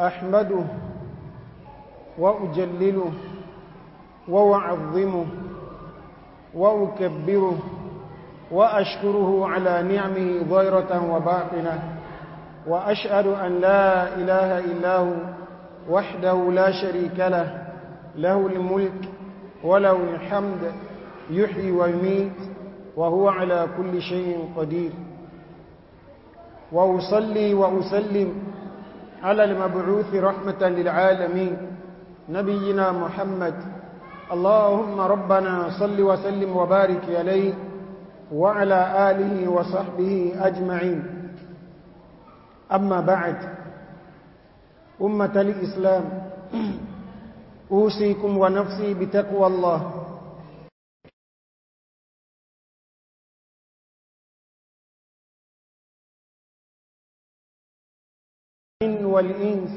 أحمده وأجلله وأعظمه وأكبره وأشكره على نعمه ظاهرة وباطنة وأشهد أن لا إله إلا هو وحده لا شريك له له الملك وله الحمد يحيي ويميت وهو على كل شيء قدير وأصلي وأسلم على المبعوث رحمة للعالمين نبينا محمد اللهم ربنا صل وسلم وبارك عليه وعلى آله وصحبه أجمعين أما بعد أمة الإسلام أوصيكم ونفسي بتقوى الله والإنس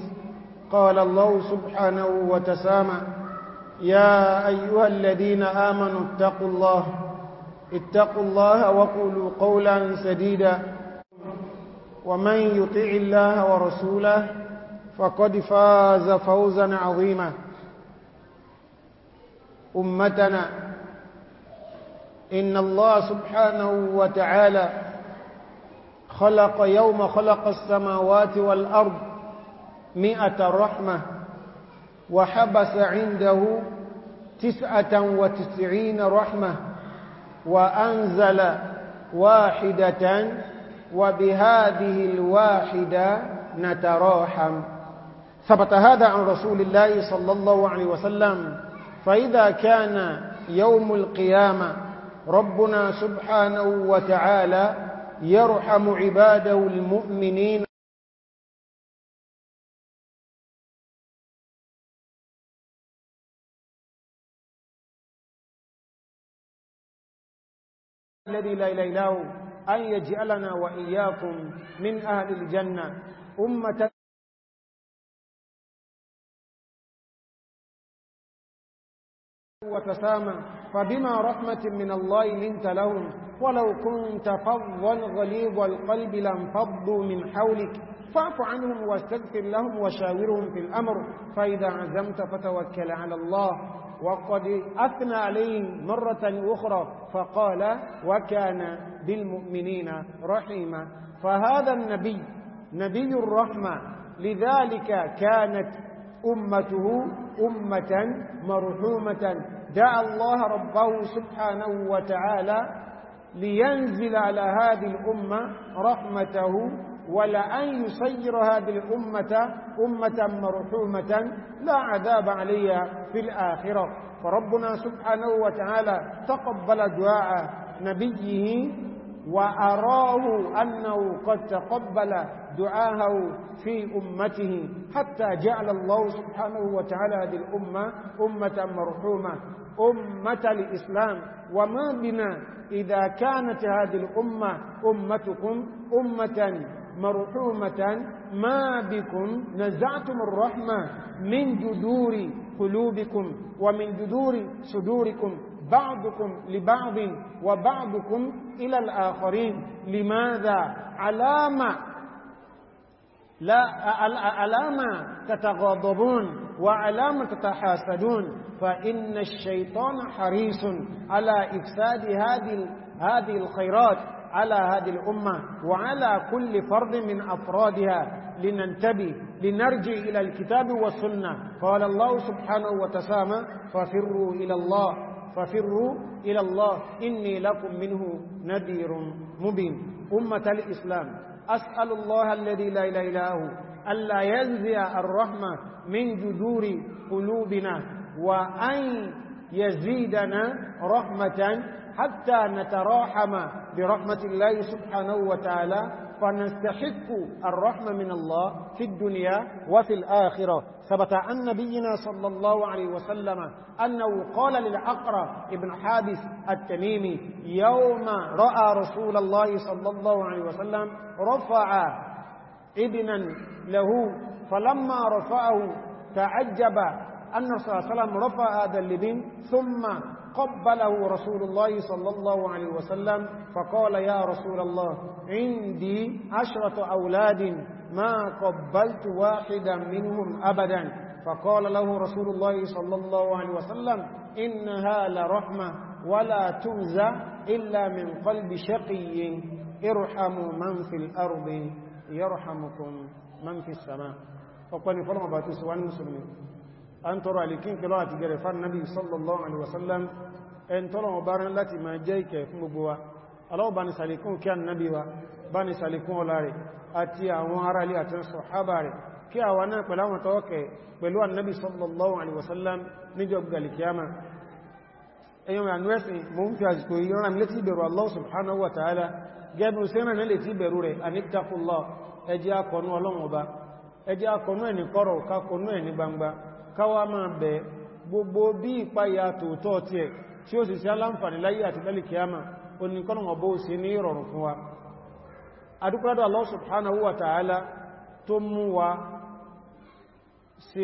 قال الله سبحانه وتسامى يا أيها الذين آمنوا اتقوا الله اتقوا الله وقولوا قولا سديدا ومن يطع الله ورسوله فقد فاز فوزا عظيما أمتنا إن الله سبحانه وتعالى خلق يوم خلق السماوات والأرض مئة رحمة وحبس عنده تسعة وتسعين رحمة وأنزل واحدة وبهذه الواحدة نتراحم ثبت هذا عن رسول الله صلى الله عليه وسلم فإذا كان يوم القيامة ربنا سبحانه وتعالى يرحم عباده المؤمنين الذي لا إله إلا هو أن يجعلنا وإياكم من أهل الجنة أمة وتسامى فبما رحمة من الله لنت لهم ولو كنت فظا غليظ القلب لانفضوا من حولك فاعف عنهم واستغفر لهم وشاورهم في الأمر فإذا عزمت فتوكل على الله وقد أثنى عليهم مرة أخرى فقال وكان بالمؤمنين رحيما فهذا النبي نبي الرحمة لذلك كانت أمته أمة مرحومة دعا الله ربه سبحانه وتعالى لينزل على هذه الأمة رحمته ولا أن يسير هذه الأمة أمة مرحومة لا عذاب عليها في الآخرة فربنا سبحانه وتعالى تقبل دعاء نبيه وأراه أنه قد تقبل دعاه في أمته حتى جعل الله سبحانه وتعالى هذه الأمة أمة مرحومة أمة الإسلام وما بنا إذا كانت هذه الأمة أمتكم أمة مرحومة ما بكم نزعتم الرحمة من جذور قلوبكم ومن جذور صدوركم بعضكم لبعض وبعضكم إلى الآخرين لماذا علامة لا علامة تتغاضبون وعلامة تتحاسدون فإن الشيطان حريص على إفساد هذه هذه الخيرات على هذه الأمة وعلى كل فرد من أفرادها لننتبه لنرجع إلى الكتاب والسنة قال الله سبحانه وتسامى ففروا إلى الله ففروا إلى الله إني لكم منه نذير مبين أمة الإسلام أسأل الله الذي لا إله إلا هو ألا ينزع الرحمة من جذور قلوبنا وأن يزيدنا رحمة حتى نتراحم برحمة الله سبحانه وتعالى فنستحق الرحمة من الله في الدنيا وفي الآخرة ثبت عن نبينا صلى الله عليه وسلم أنه قال للعقرة ابن حابس التميمي يوم رأى رسول الله صلى الله عليه وسلم رفع ابنا له فلما رفعه تعجب أن صلى الله عليه وسلم رفع هذا الابن ثم قبله رسول الله صلى الله عليه وسلم فقال يا رسول الله عندي عشرة أولاد ما قبلت واحدا منهم أبدا فقال له رسول الله صلى الله عليه وسلم إنها لرحمة ولا تنزى إلا من قلب شقي ارحموا من في الأرض يرحمكم من في السماء وقال فلما باتوا وعن المسلمين an tọrọ alikin kilo àti gẹ̀rẹ̀ fan nabi sallallahu alaihi wasallam en tọrọ ọbarin láti ma jẹ́ ike fún gbogbo wa aláwọ̀ bá ní sàlìkún kí an nabi wa bá ní sàlìkún ọlá rẹ̀ àti àwọn ará ilé àti sọ̀hábà rẹ̀ kí àwọn náà pẹ̀lú àwọn tọ́ọ̀kẹ̀ pẹ̀lú annabi sallallahu alaihi wasallam níjọ galikiyama ẹ̀yọ́n àánú ẹ̀sìn mo ń fi àsìkò ìran àmì létí ìbẹ̀rù Allah subhanahu wa ta'ala gẹ́bùn sẹ́rẹ̀ náà létí ìbẹ̀rù rẹ̀ anittaqullah ẹjẹ́ akọ̀nú ọlọ́run ọba ẹjẹ́ akọ̀nú ẹni kọ̀rọ̀ kákọ̀nú ẹni gbangba káwà máa bẹ̀ gbogbo bí ìpayà tòótọ́ ti ẹ̀ tí ó sì sí aláǹfàní láyé àti lálìkíyàmà oníkọ́nà ọ̀bọ̀ sí ní ìrọ̀rùn fún wa adúpẹ́dọ̀ Allah subhanahu wa ta'ala tó mú wa sí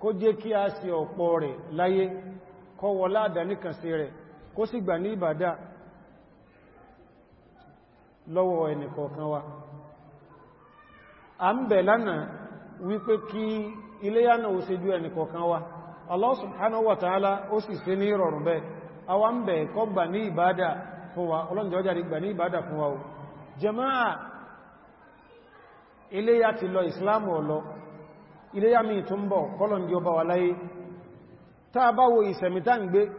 kó jẹ́ kí a sí ọ̀pọ̀ rẹ̀ láyé kọwọ́lá àdáníkànsí rẹ̀ kó sì gbà ní ìbàdá lọ́wọ́ ẹnìkọ̀ọ̀kan wa a ń bẹ̀ lánàá wípé kí ilé yánà ju ẹnìkọ̀ọ̀kan wa Allah ó sì ní ìrọ̀rùn bẹ́ a wá ń bẹ̀ kọ́ gbà ní ìbàdá fún wa ọlọ́njẹ́ gbà ní o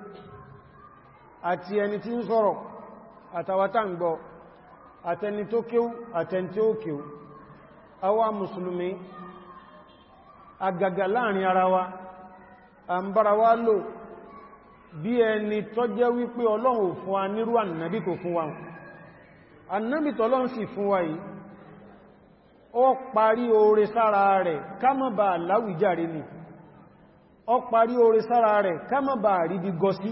àti ẹni tí ń sọ̀rọ̀ àtàwátà ń gbọ́ àtẹni tó kéwú àtẹni tí ó kéwú àwa mùsùlùmí àgàgà láàrin ara wa a ń bára wá lò bí ẹni tó jẹ́ wípé ọlọ́run fún wa nírú ànàbí tó fún wa ànàbí tọ́lọ́run sì fún wa yìí ó parí oore sára rẹ̀ kámọ́bà láwìjáre ni ó parí oore sára rẹ̀ rí bí gọ́sí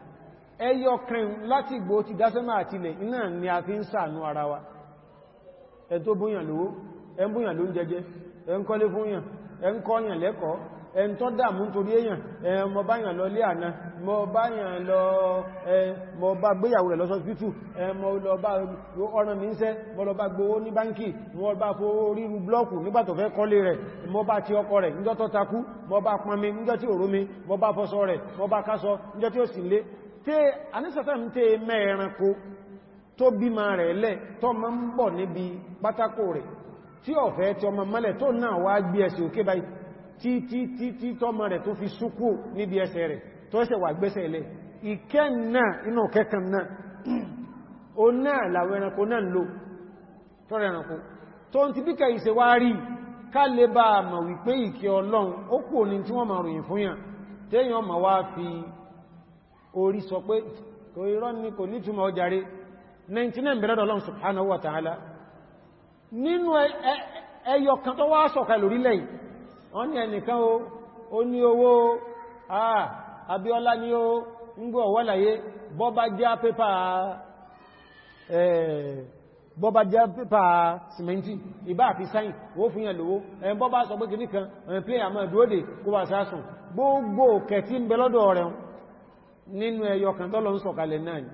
ẹyọ kẹrin láti ìgbò ti dásẹ́mà àtilẹ̀ iná ni a fi ń ṣàánú ara wa ẹ tó búyàn lówó ẹ ń búyàn ló ń jẹjẹ ẹ ń kọ́lé fúnyàn ẹ ń kọ́yàn lẹ́kọ̀ọ́ ẹ ń tọ́ dàmú torí èyàn ẹ mọ báyàn lọ lé àná mọ báyàn lọ ẹ mọ pọnmi níjọ́ tí òrómi mọ bá fọṣọ rẹ̀ mọ bá kásọ níjọ́ tí ó sì lé tẹ́ anísàtà ń tẹ́ mẹ́ẹ̀ranko tó bí ma rẹ̀ lẹ́ ma ń bọ̀ níbi pátákò rẹ̀ tí ọ̀fẹ́ tí ọmọ mọ́lẹ̀ tó náà wá gbé ẹsẹ̀ òkè báyìí tó wà ń ti bí wá rí ká lè bá wípé ìkẹ́ orí sọ pé kò irọ́ ní kò ọjàrí 99 bẹ̀rẹ̀ Ọlọ́run subhanahu wa ta'ala nínú ẹyọ kan tó wá sọ̀kà lórílẹ̀ wọ́n ní ẹnìkan ó ní owó àà Abíọ́lá ní ó ń gbọ́ wọ́láyé bọ́bá bọ́bá jẹ́ pépà simenti sáyìn sọ nínú ẹyọ kan tọ́lọ ń sọ̀kalẹ̀ náà ni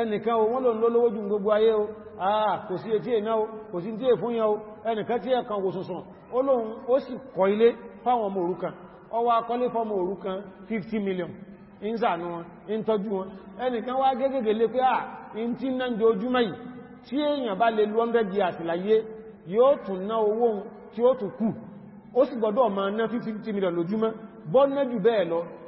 ẹnìkan o wọ́n lò ń lólówó jù gbogbo ayé o àà kò sí etí èná o kò sí tí èfún yẹn o ẹnìkan tí ẹ̀kan wò sùsùn ó lóhun ó sì kọ́ ilé fáwọn ọmọ òrukàn ó wá fọ́mọ òrukàn 50 million ń sànú wọn ń tọ́jú wọn ẹnìkan wá gẹ́gẹ́gẹ́ lé pé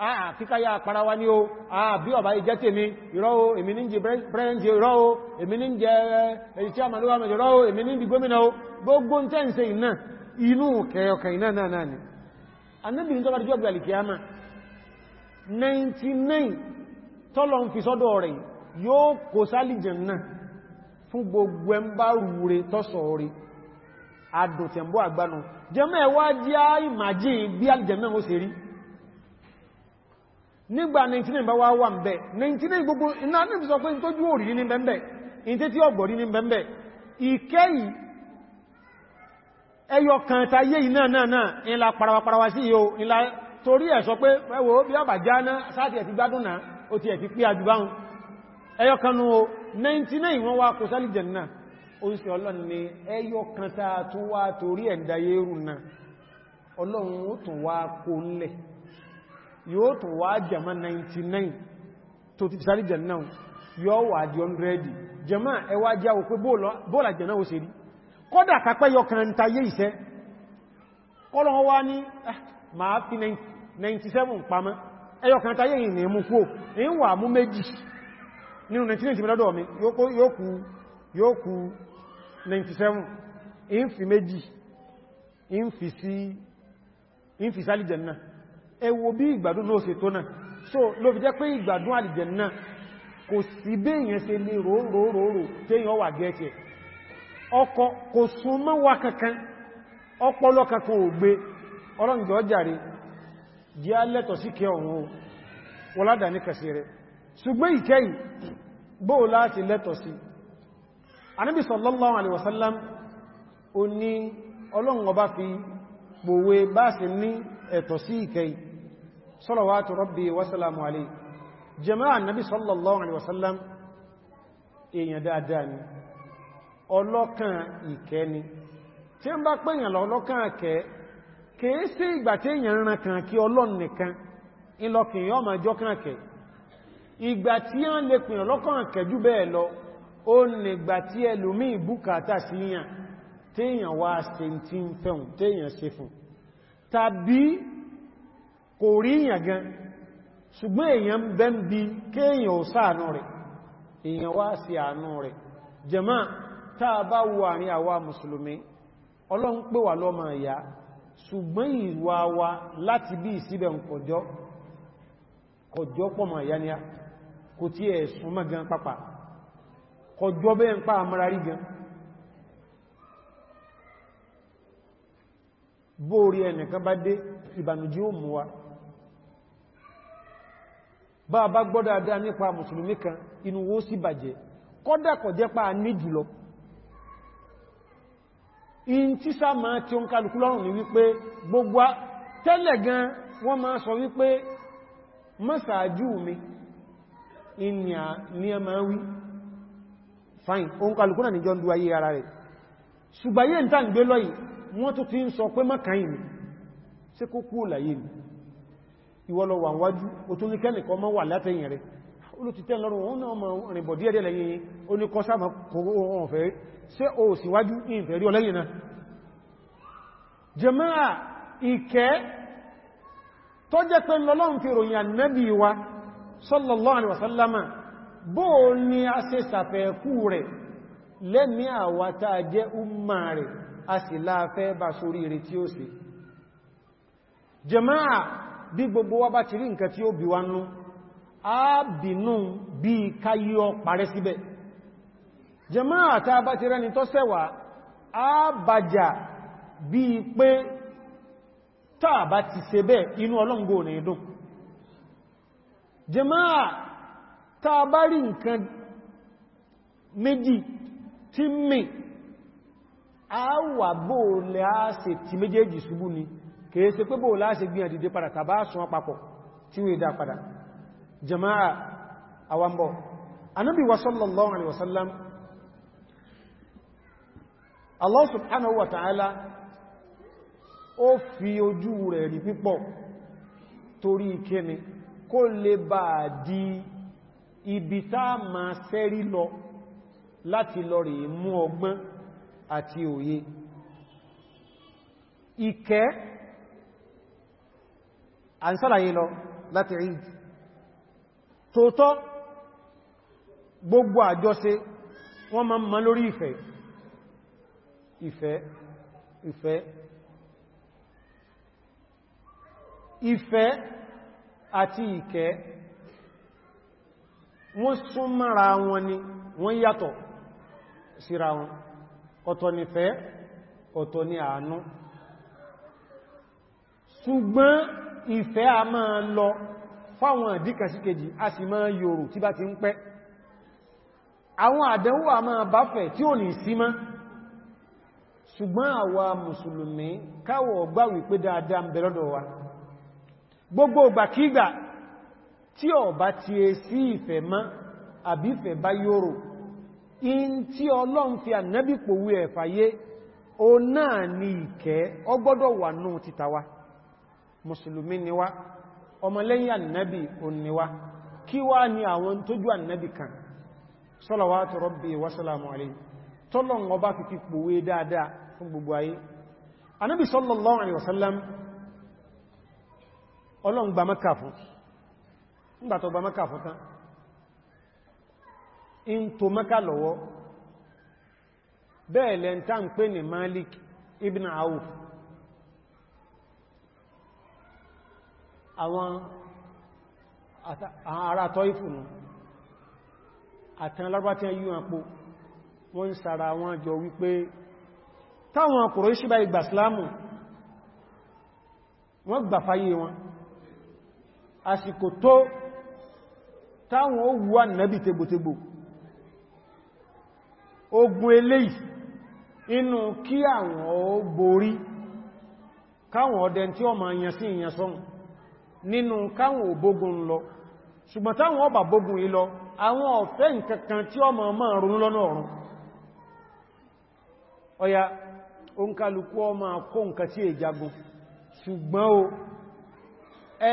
àà ah, ah, kíkáyà para wa ní o àà ah, bí ọ̀bá ìjẹ́ tèmi ìrọ́wó èmi ní jẹ president ìrọ́wó èmi ní jẹ èyí eh, tí a màlúwà mẹ́jọ ìrọ́wó èmi ní gómìnà o gbogbo ń tẹ́ǹsẹ̀ inú kẹyọkẹ̀ ni anábìnrin tó bá jọ gbàlì kìáma 99 tọ́lọ ń fi sọ́dọ̀ rẹ̀ yóò kò sálìjẹ̀ náà fún gbogbo ẹmbá rúure tọ́sọ̀ rẹ̀ adùn tẹ̀mbọ́ àgbánu jẹ́mọ́ ẹ̀wá jẹ́ ìmàjí bí alìjẹ̀ ó ṣe rí nígbà 99 bá wá wà ń bẹ 99 gbogbo iná ní sọ pé tójú òrìrí ní bẹ̀m̀bẹ̀ ìtẹ́ tí ọgbọ̀rí ní bẹ̀m̀bẹ̀ ìkẹ́yì ẹyọ kan tayé iná náà náà ìlà parawaparawa sí yóò ìlà torí ẹ̀ sọ pé ẹwọ bí ọba já náà sáàtì ẹ̀ ti gbádùn náà ó ti ẹ̀ ti pí àjúbáhùn ọlọ́run ó tún wá kó ń lẹ̀ yóò tún wá jama 99 tó ti sáré jẹ yóò wà di 100 jama ẹwà jẹ́ òpé bóòlà jẹ náà ó ṣe rí kọ́dà kápẹ́ yọ kan tayé ìṣẹ́ kọ́lọ̀ wá ní ah, máa fi 97 pamọ́ ẹyọ kan tayé ìní mú kú èyí wà mú méjì nínú 99 ti mẹ́lọ́dọ̀ mi yóò kú 97 ìyí fi méjì ìyí fi sí ìyí fi sálì jẹ Ewo wo bí ìgbádùn náà ṣe tó so ló fi jẹ́ pé ìgbádùn àlìjẹ̀nnà kò sí bí èyàn ṣe lè ròóròórò téèyàn wà gẹ́ẹ̀tì ọkọ̀ kò sún mọ́ wa kankan ọpọlọ kankan ò gbé ọlọ́njọ́ jàre jẹ́ fi pòwe bá ní ẹ̀tọ̀ صلوات ربي وسلام عليه جماعة النبي صلى الله عليه وسلم èèyàn dáadáa ni ọlọ́kàn ìkẹ́ ni tí ń bá pẹ̀yàn lọ ọlọ́kàn àkẹ́ kìí sí ìgbà tí èèyàn ràn kàn kí ọlọ́n nìkan ìlọkìn yọ ma jọ kàn kẹ́ ìgbà tí a lè pìyàn lọ́kàn àkẹ́ jù bẹ́ẹ̀ lọ ó nìgbà tí ẹlòmí ìbúkàtà sí yàn téèyàn wá ṣe tí ń fẹ́hùn kò rí èyàn gan ṣùgbọ́n èyàn ń bẹ́ ń bí kéèyàn ò sáànú rẹ̀ èyàn wá sí àánú rẹ̀ jàmá táa bá wo àrin àwa mùsùlùmí ọlọ́run pè wà lọ́mọ ìyá ṣùgbọ́n ìwà wa láti bí ìsíbẹ̀ kọjọ́ ni a kò tí bóòrí ẹnìkan bá dé ìbànújẹ́ ó mú wa bá bá gbọ́dá dá nípa mùsùlùmí kan inú wó sí bàjẹ́ kọ́dà kọ̀ jẹ́ pa ní jùlọ in tí sáàmà tí ó ń kálukú lọ́rùn ní wípé gbogbo tẹ́lẹ̀ gan wọ́n máa sọ wípé mọ́sàájú mi ìnìyàn ní ẹ máa wí fine ó ń kálukú náà níjọ́ ń du ayé ara rẹ̀ ṣùgbàyé ìtàǹgbélọ́yìn wọ́n tó ti ń sọ pé mọ́kàáyìn sí kó kú mi ìwọ́lọ wà wájú o tó ní kẹ́lì kọ mọ́ wà látẹ̀yìn rẹ̀ olùtítẹ́ lọ́rùn wọn náà mọ̀ rìnbọ̀ díẹ̀ díẹ̀ lẹ́yìn o ní kọ́ sáàmà kòrò ohun ọ̀fẹ́ ṣe o sì wájú ìfẹ́ rí ọlẹ́yìn náà jẹmáà ìkẹ́ tó jẹ́ pé lọ́lọ́run fi bí gbogbo wa bá ti rí nǹkan tí ó bí wa nú a bínú bí káyí ọ parẹ́ síbẹ̀ jàmáà tá bá ti rẹni tó sẹ́wà a bàjà bí pé tá bá ti ṣe bẹ́ inú ọlọ́ngbò ní ìdún jàmáà tá bá rí nǹkan méjì tí mì a wà bóòlẹ̀ a ṣe ti méjèèjì ṣubú ni kìí ṣe pé bóò láti gbìyàn dìde padà tàbá sún papọ̀ tí wé dá padà jama'a awambo anábi wa sallallahu alaihi wasallam Allah subhanahu wa ta'ala ó fi ojú rẹ̀ rí pípọ̀ torí ìkẹni kó lè bá di ibi tá ma sẹ́rí lọ láti lọ rí mú ọgbọ́n àti òye ìkẹ́ à ń sálàyé lọ láti rí tòótọ́ gbogbo àjọṣe wọ́n ma ń ma lórí ìfẹ́ ìfẹ́ ìfẹ́ ìfẹ́ àti ìkẹ́ wọ́n sún mara wọn ni wọ́n yàtọ̀ síra wọn ọ̀tọ̀ nífẹ́ ọ̀tọ̀ ni àánú ṣùgbọ́n ìfẹ́ a máa lọ fáwọn àdíkà sí kejì a sì máa yòrò tí bá ti ń pẹ́ àwọn àdánwò a máa fẹ̀ tí ò ní sí ṣùgbọ́n àwa mùsùlùmí káwọ̀ ọgbà wípé dáadáa ń lọ́dọ̀ wa gbogbo ìgbàkígbà tí ọba ti sí ìfẹ́ bá yòrò in tí fi ẹ̀fàyé ọ náà ni ìkẹ́ ọgbọ́dọ̀ wà náà títàwà mùsùlùmí ni wá ọmọlẹ́yìn annabi òníwá kí wá ní àwọn tójú annabi kan sọ́lọ̀wátò rọ́bì wasalamu alayhi tọ́lọ̀n ọba fi fi pòwé dáadáa fún gbogbo ayé annabi sallallahu alaihi wasallam ọlọ́n gba maka fún nígbà tó gba ń pè ní malik ibn awf àwọn ará tọ́ìfùnù àtàn lárbá tí a yíwọ̀n pò wọ́n ń sàrà wọn jọ wípé táwọn Kùrẹ́ṣì bá ìgbà sílámù wọ́n gbà fáyé wọn àsìkò tó táwọn ó wúwà nẹ́bì tegbòtegbò ogun eléyìí inú kí àwọn ó borí káwọn ọdẹ tí ọmọ ìyànsí ìyànsọ́nù nínú káwọn òbógun lọ ṣùgbọ́n táwọn ọba bógun yìí lọ àwọn ọ̀fẹ́ nkankan tí ọmọ ọmọ ronú lọ́nà ọ̀run ọya oǹkàlùkú ọmọ kó nkan tí è jagun ṣùgbọ́n o ẹ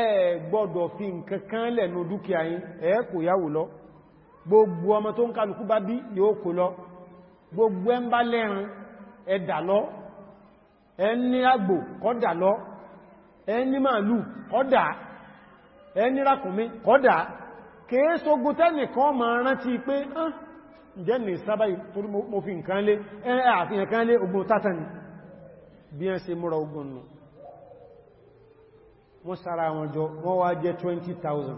gbọ́dọ̀ fi nkankan lẹ́nu dúkìá yín ẹ kò yáwò lọ gbogbo ọmọ tó ǹkàlùkú bá bí yóò kò lọ gbogbo ẹ ń bá lẹ́rin ẹ dà lọ ẹ ní àgbò kọ́ dà lọ ẹni màálù kọ́dà ẹni rákùnmí kọ́dà kèé sógun tẹ́nìkan ma rántí pé ǹjẹ́ ní sábáyì torí mo fi nǹkan lé ẹ̀rẹ́ àfihàn kan lé ogun tátàní bí ẹ ṣe múra ogun nù wọ́n sára wọn jọ wọ́n wá jẹ́ 20,000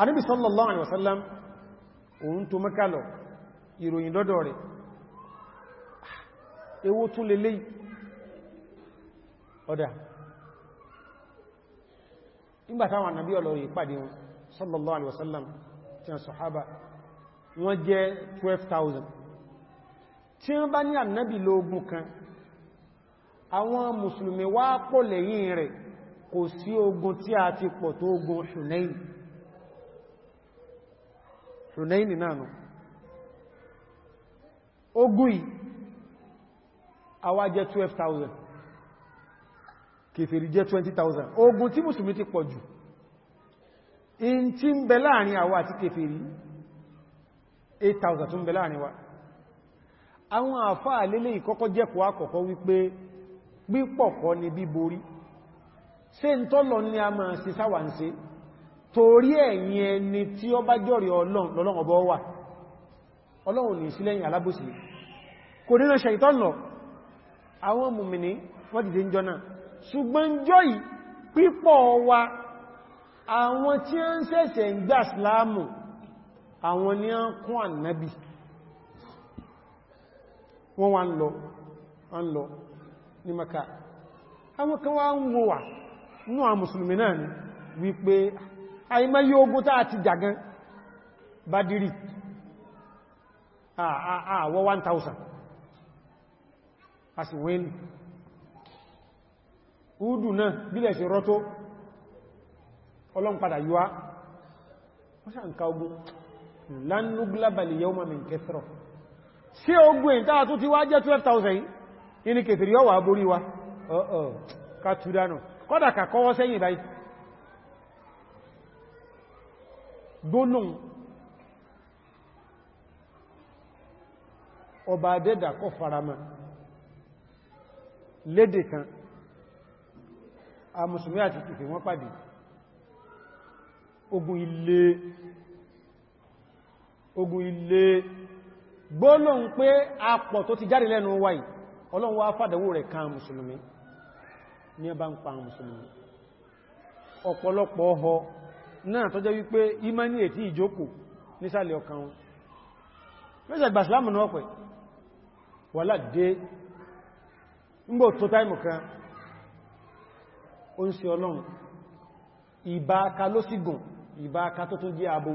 Ànábì sallallahu alaihi wasallam òun tó mẹ́kàlọ̀ ìròyìn dọ́dọ̀ rẹ̀ ewó tún lè léyìí ọ̀dá nígbàtàwọn ànàbí ọlọ́rọ̀ wọn sallallahu alaihi tí a sọ̀hábà wọ́n jẹ́ 12,000 tí wọ́n bá ní ànàbí lóògùn kan àwọn mùsùlùmí wá pọ̀ lẹ́yìn rẹ̀ kò sí ogun tí a ti pọ̀ tó ogun Hunain ogun yìí àwa jẹ́ 12,000 kèfèrí jẹ́ 20,000 ogun tí mùsùlùmí ti pọ̀ jù in tí ń bẹ láàrin àwa àti kèfèrí 8,000 tó ń bẹ láàrin wa àwọn àfáà lélẹ̀ ìkọ́kọ́ jẹ́kọ́ àkọ́kọ́ wípé pípọ̀kọ́ ni bíborí ṣe ń tọ́lọ ní a máa ṣe sáwà ń ṣe torí ẹ̀yìn ẹni tí ó bá jọ́rì ọlọ́run lọ́lọ́run wà ọlọ́run ní sílẹ̀yìn alábòsí kò nínú ṣe ìtọ́nà àwọn mùmìnì wọ́n dìde ń jọ náà ṣùgbọ́n jọ yìí pípọ̀ wa àwọn tí a ń ṣẹ̀ṣẹ̀ ń gbà síláàmù àwọn ni a ń kún ànábì wọ́n wá ń lọ ń lọ ní maka àwọn kan wá ń wo wà ní àwọn mùsùlùmí náà ni wípé àìmá yí ogun 1000 a sì wẹ́lì údù náà bílẹ̀ sí rọ́tó ọlọ́mpadà yíwá wọ́n sàn ká ogun lánúgblábàlì yau ma min kẹsìrọ̀ sí ogun èyí tàà tó ti wá jẹ́ 12,000 yìí ni kẹsìrì yọ́wà borí wa ọ̀ọ̀ ká kọ́dà kà sẹ́yìn báyìí lédè kan a musulmi àti ìfẹ̀ wọ́n pàdé ogun ilé ogun ilé gbólóhùn pé apọ̀ tó ti jáde lẹ́nu wáyìí ọlọ́run wá fàdàwó rẹ̀ kan musulmi ní ọba ń pa musulmi ọ̀pọ̀lọpọ̀ ọhọ náà tọ́jẹ́ wípé imani ètí ìjókòó nísàlẹ̀ ọkàn wọn mẹ́sẹ̀ gbàsílámù náà pẹ̀ wà láàdé ńgbò tó táìmù kan ó ń ṣe ọlọ́run ìbáaka ló sì gùn ìbáaka tó tún jẹ́ abo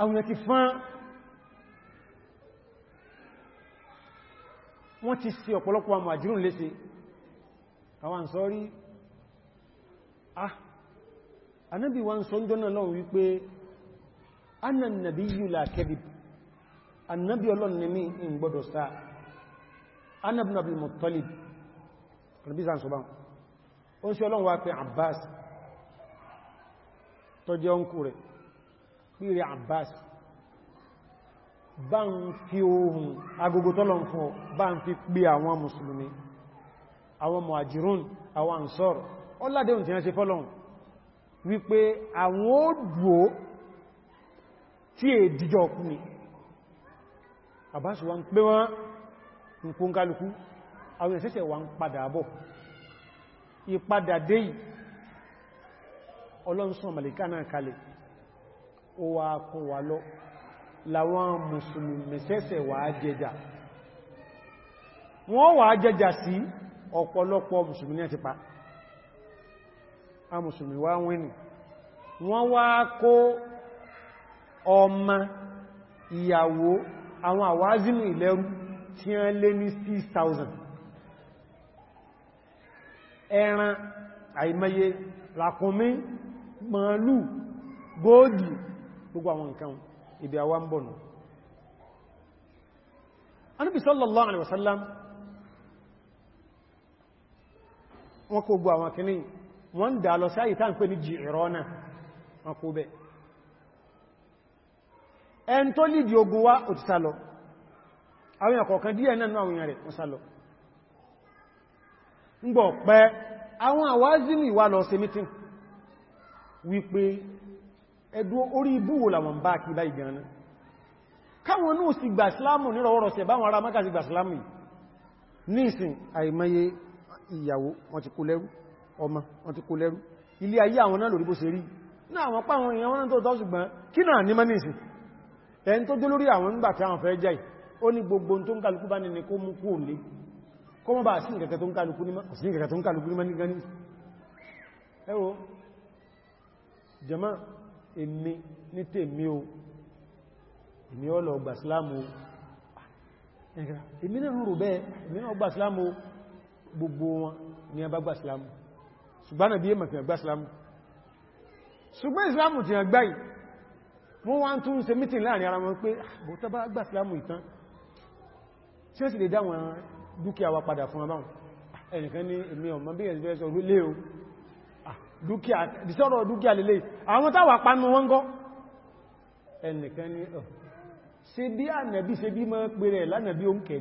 àwọn ti fán wọ́n ti ṣe ọ̀pọ̀lọpọ̀ àmà àjírùn léṣe àwọn sọ́rí ah anábì wa ń sọ jọ́nà lọ́wọ́ wípé annan nabiyyu la kadib annabi ọlọ́run ni mi ń sáà ana ibn Abdul Muttalib rẹ̀bíza ṣùgbọ́n ó ń sí ọlọ́run wá pé Abbas tó jẹ́ ọkù rẹ̀ pírí Abbas bá ń fi ohun agogo tọ́lọ fún ọ bá ń fi pí àwọn mùsùlùmí àwọn muhajirun àwọn ansor ọládéhùn tí wọ́n ṣe fọ́lọ́run wípé àwọn ó dùó tí èdìjọ ọkùnrin Abbas wọ́n pé wọ́n nǹkan kálukú àwọn ìṣẹ́ṣẹ́ wà ń padà bọ̀ ìpadà déyì ọlọ́nsán màlìká náà kalẹ̀ ó wá kún wà lọ láwọn mùsùlùmí ṣẹ́ṣẹ́ wà jẹjà wọ́n wà jẹjà sí ọ̀pọ̀lọpọ̀ mùsùlùmí ní àti a mùsùlùmí wá wínì wọ́n wá kó ọmọ ìyàwó àwọn àwázínú ìlẹ́rú tí a lé ní 6,000 ẹran àìmẹ́yẹ làkúnmí màálù góòdì gbogbo àwọn nǹkan ibi àwọn ń bọ̀nù Ànábì sallallahu alaihi wasallam wọ́n kó gbọ́ àwọn kìíní wọ́n dà lọ sí àyíká ń pè ní Jìrọ́nà wọ́n kó bẹ́ ẹn tó lìdí ogun wá òtítà lọ àwọn àkọ̀ọ̀kan díẹ̀ náà náà wìyàn rẹ̀ wọ́n lọ ń pẹ́ àwọn àwázìmì ìwà lọ sí wípé ẹ̀dùn orí ibúwò làwọn bá kí bá ìgbìyàn káwọn náà sì gbà sílámù nírọ̀wọ́rọ̀ sí ará Mákà sì gbà sílámù ní ìsìn ìyàwó wọn ti kó lẹ́rú ọmọ wọn ti kó lẹ́rú ilé ayé àwọn náà lórí bó ṣe rí àwọn èèyàn wọn tó tọ́ ó ní gbogbo tó ń kálukú bá ní ní kó mú kú òlé kó mọ́ bá sí ìkẹ̀kẹ́ tó ń kálukú ní mọ́ ní gani ẹwọ́ jama èmi ní tèmi o èmi ọlọ ọgbà sílámù èmi ni a bá gbà sílámù ṣùgbọ́n àbí èmà fìyà gbà sílámù ṣùgbọ́n ìsìlámù ti hàn gbáyì wọ́n wá ń tún ṣe mítìn láàrin ara wọn pé àbótá ah, bá gbà sílámù ìtàn tí ó sì lè dáwọn dúkìá wa padà fún abáhùn ẹnìkan ní èmi ọmọ bí ẹ̀sì fẹ́ẹ̀sọ lé o ah, dúkìá dìsọ́rọ̀ dúkìá lélẹ̀ àwọn táwà panu wọ́n gọ́ ẹnìkan ní ọ̀ ṣe bí ànàbí ṣe bí mọ́ pẹ̀rẹ̀ lánàbí oúnkẹ̀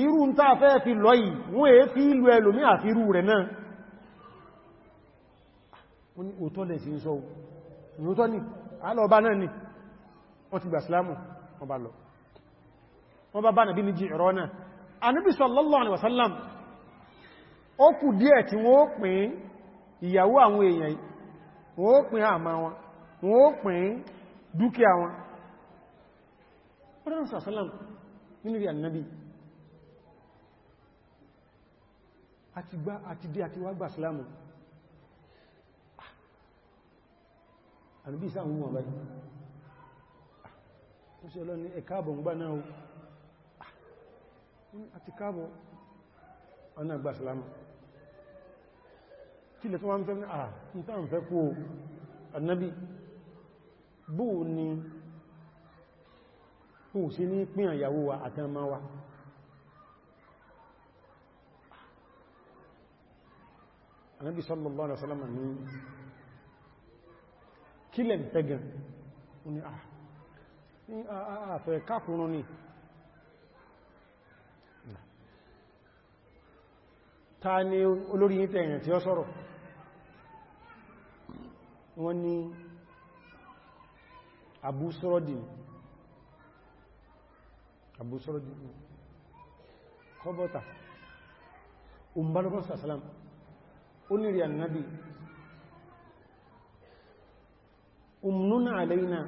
irú ń tàà fẹ́ fi lọ yìí wọ́n èé fi ìlú ẹlòmí àfirú rẹ̀ náà ah, wọ́n ni òótọ́ lẹ̀ ti gbà sílámù wọ́n lọ wọ́n bá bá nàbí méjì ìrọ́nà anábì sallallahu alaihi wasallam ó kù díẹ̀ tí wọ́n pín ìyàwó àwọn èèyàn wọ́n pín àmà wọn wọ́n pín dúkìá wọn ọdún sàṣálàm nínú rí ń gbá náà àti káàbọ̀ ọ̀nà àgbà ìsìlámù kí lè tó wá ń fẹ́ à ń tàà ń fẹ́ kú ànábì bó ní kò sí ní pín àyàwó wa àtàmà wa ànábì sallallahu alaihi wasallam ní kí lè tẹ́gàn ní à ta ni olórí yín tẹ̀yìn tí ó sọ̀rọ̀ wọ́n ní àbúsọ́rọ̀dì àbúsọ́rọ̀dì kọbọ́ta umbarakun sàsàlám onírì annabi umnuna alaina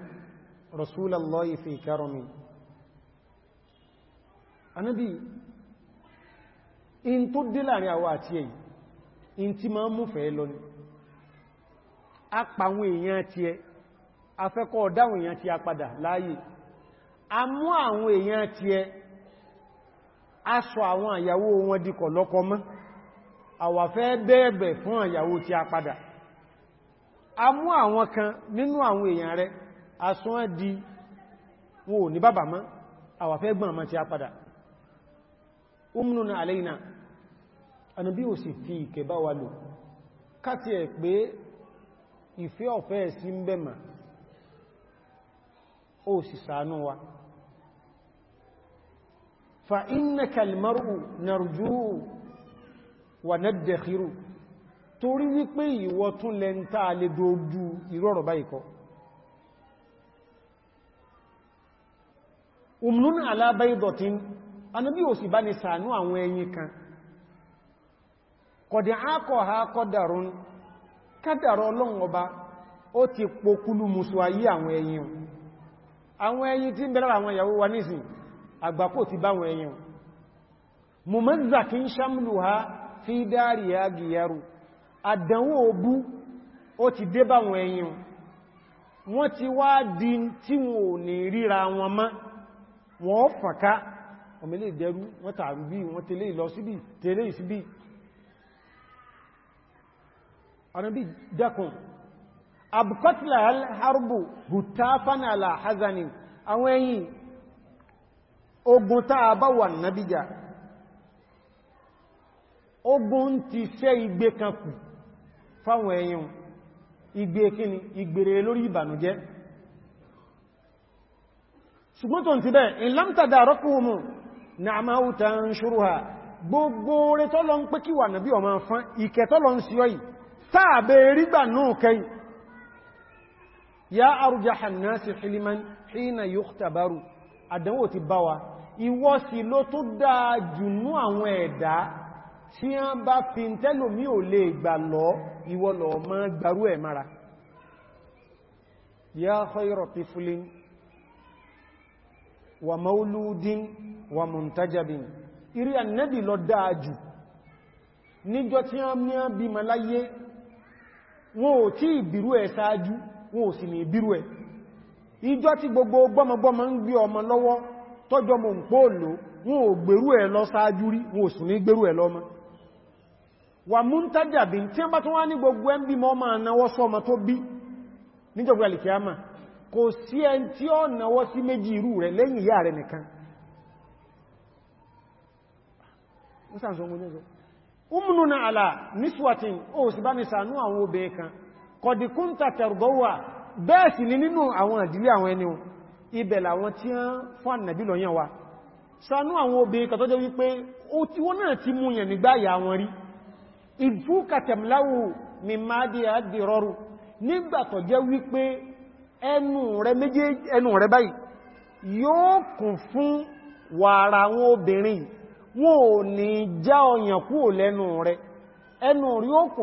rasulallahi fi karomi annabi in tó dé láàrin àwa àti ẹ̀yìn in ti máa mú fẹ́ lọ ni a pàwọn èèyàn ti ẹ afẹ́kọ́ ọ̀dáwọn èèyàn ti a padà láàyè a mú àwọn èèyàn ti ẹ a sọ àwọn àyàwó wọn dikọ̀ lọ́kọ mọ́ àwa fẹ́ bẹ́ẹ̀bẹ̀ fún àyàwó ti a padà a mú àwọn kan nínú àwọn èèyàn rẹ a sọ wọ́n di wọn ní bàbá mọ́ àwa gbọ́n àmọ́ ti a padà umnun alaina ànàbí ò sì fi ìkẹ bá wa lò káti ẹ̀ pé ìfẹ́ ọ̀fẹ́ sí ń bẹ̀mà ó sì ṣàánú wa fa inna kalmaru narjú wà nadakhiru torí wípé ìwọ tún lẹ́ntà lè dojú ìrọ̀rọ̀ báyìí kọ́ umnun ala baydatin ò sì bá ní ṣàánú àwọn ẹyin kan kọ̀dì ákọ̀ha kọ́dàrún kádàrọ ọlọ́run ọba ó ti pokúlù musu ayé àwọn ẹyin àwọn ẹyin tí ń bẹ̀rẹ̀ àwọn ìyàwó wa nísìn àgbàkó ti bá àwọn ẹyin mumazzakin shamluha fi dariya giyaru àdánwò obú ó ti dé bá àwọn ẹyin wọ́n ti wá di tí wọn ní ríra wọn mọ́ wọ́n fàká ọmọ ilé ìdẹrú wọ́n tààrù wọ́n tẹ́lẹ̀ ìlọ síbí tẹ́lẹ̀ ìsíbí ànábì dákun abukatila alharbu hutafan ala hazani àwọn ẹ̀yìn ogun táa bá wà nábíjà ogun ti fẹ́ igbe kan kù fáwọn ẹ̀yìn igbe kíni ìgbèrè lórí ìbànújẹ́ ṣùgbọ́n tó ń ti bẹ́ ìlàmtàdà rọ́kùnmù ní àmáhùta ń ṣúrù ha gbogbo rẹ̀ tọ́lọ ń pé nàbí ọmọ fán ìkẹtọ́lọ ń sí ọ́yìí tààbẹ̀ rígbà náà kẹ́yìn ya arjaha an-nasi hilman hina yuktabaru àdánwò ti bá wa ìwọ sí ló tó dáa jùnú àwọn ẹ̀dá tí a bá fi ń tẹ́lò mí ò lè gbà lọ ìwọ lọ mọ́ gbàrú ẹ̀ mara ya khayra tiflin wa mauludin wa muntajabin iri annabi ló dáa jù níjọ tí a ní a malaye wọn ò tí ìbìrú ẹ̀ sáájú wọn ò sì ní ìbìrú ẹ̀ ìjọ tí gbogbo gbọ́mọgbọ́mọ ń gbé ọmọ lọ́wọ́ tọ́jọ mọ̀ ń pòòlò wọn ò gbèrú ẹ̀ lọ sáájú rí wọn ò sì ní gbèrú ẹ̀ lọ́mọ wà mú ń tájà bí tí wọ́n bá tún wá ní gbogbo umnuna ala niswatin o sì bá ní sànú àwọn obìnrin kan kọ̀dìkún tàtàrgọ́wà bẹ́ẹ̀ sì ní nínú àwọn ìdílé àwọn ẹni o ibẹ̀ làwọn tí ń fún ànàbí lọ yàn wa sànú àwọn obìnrin kan tó jẹ́ wípé ó tí wọ́n náà ti mú yàn nígbàyà wọn rí ìdú kàtàmláwò ni máa dé àdì rọrù nígbà tó jẹ́ wípé ẹnu rẹ méjèèjì ẹnu rẹ báyìí yóò kún fún wàrà àwọn obìnrin wọn ò ní já ọyàn kúò lẹ́nu rẹ̀ ẹnu rí ó kò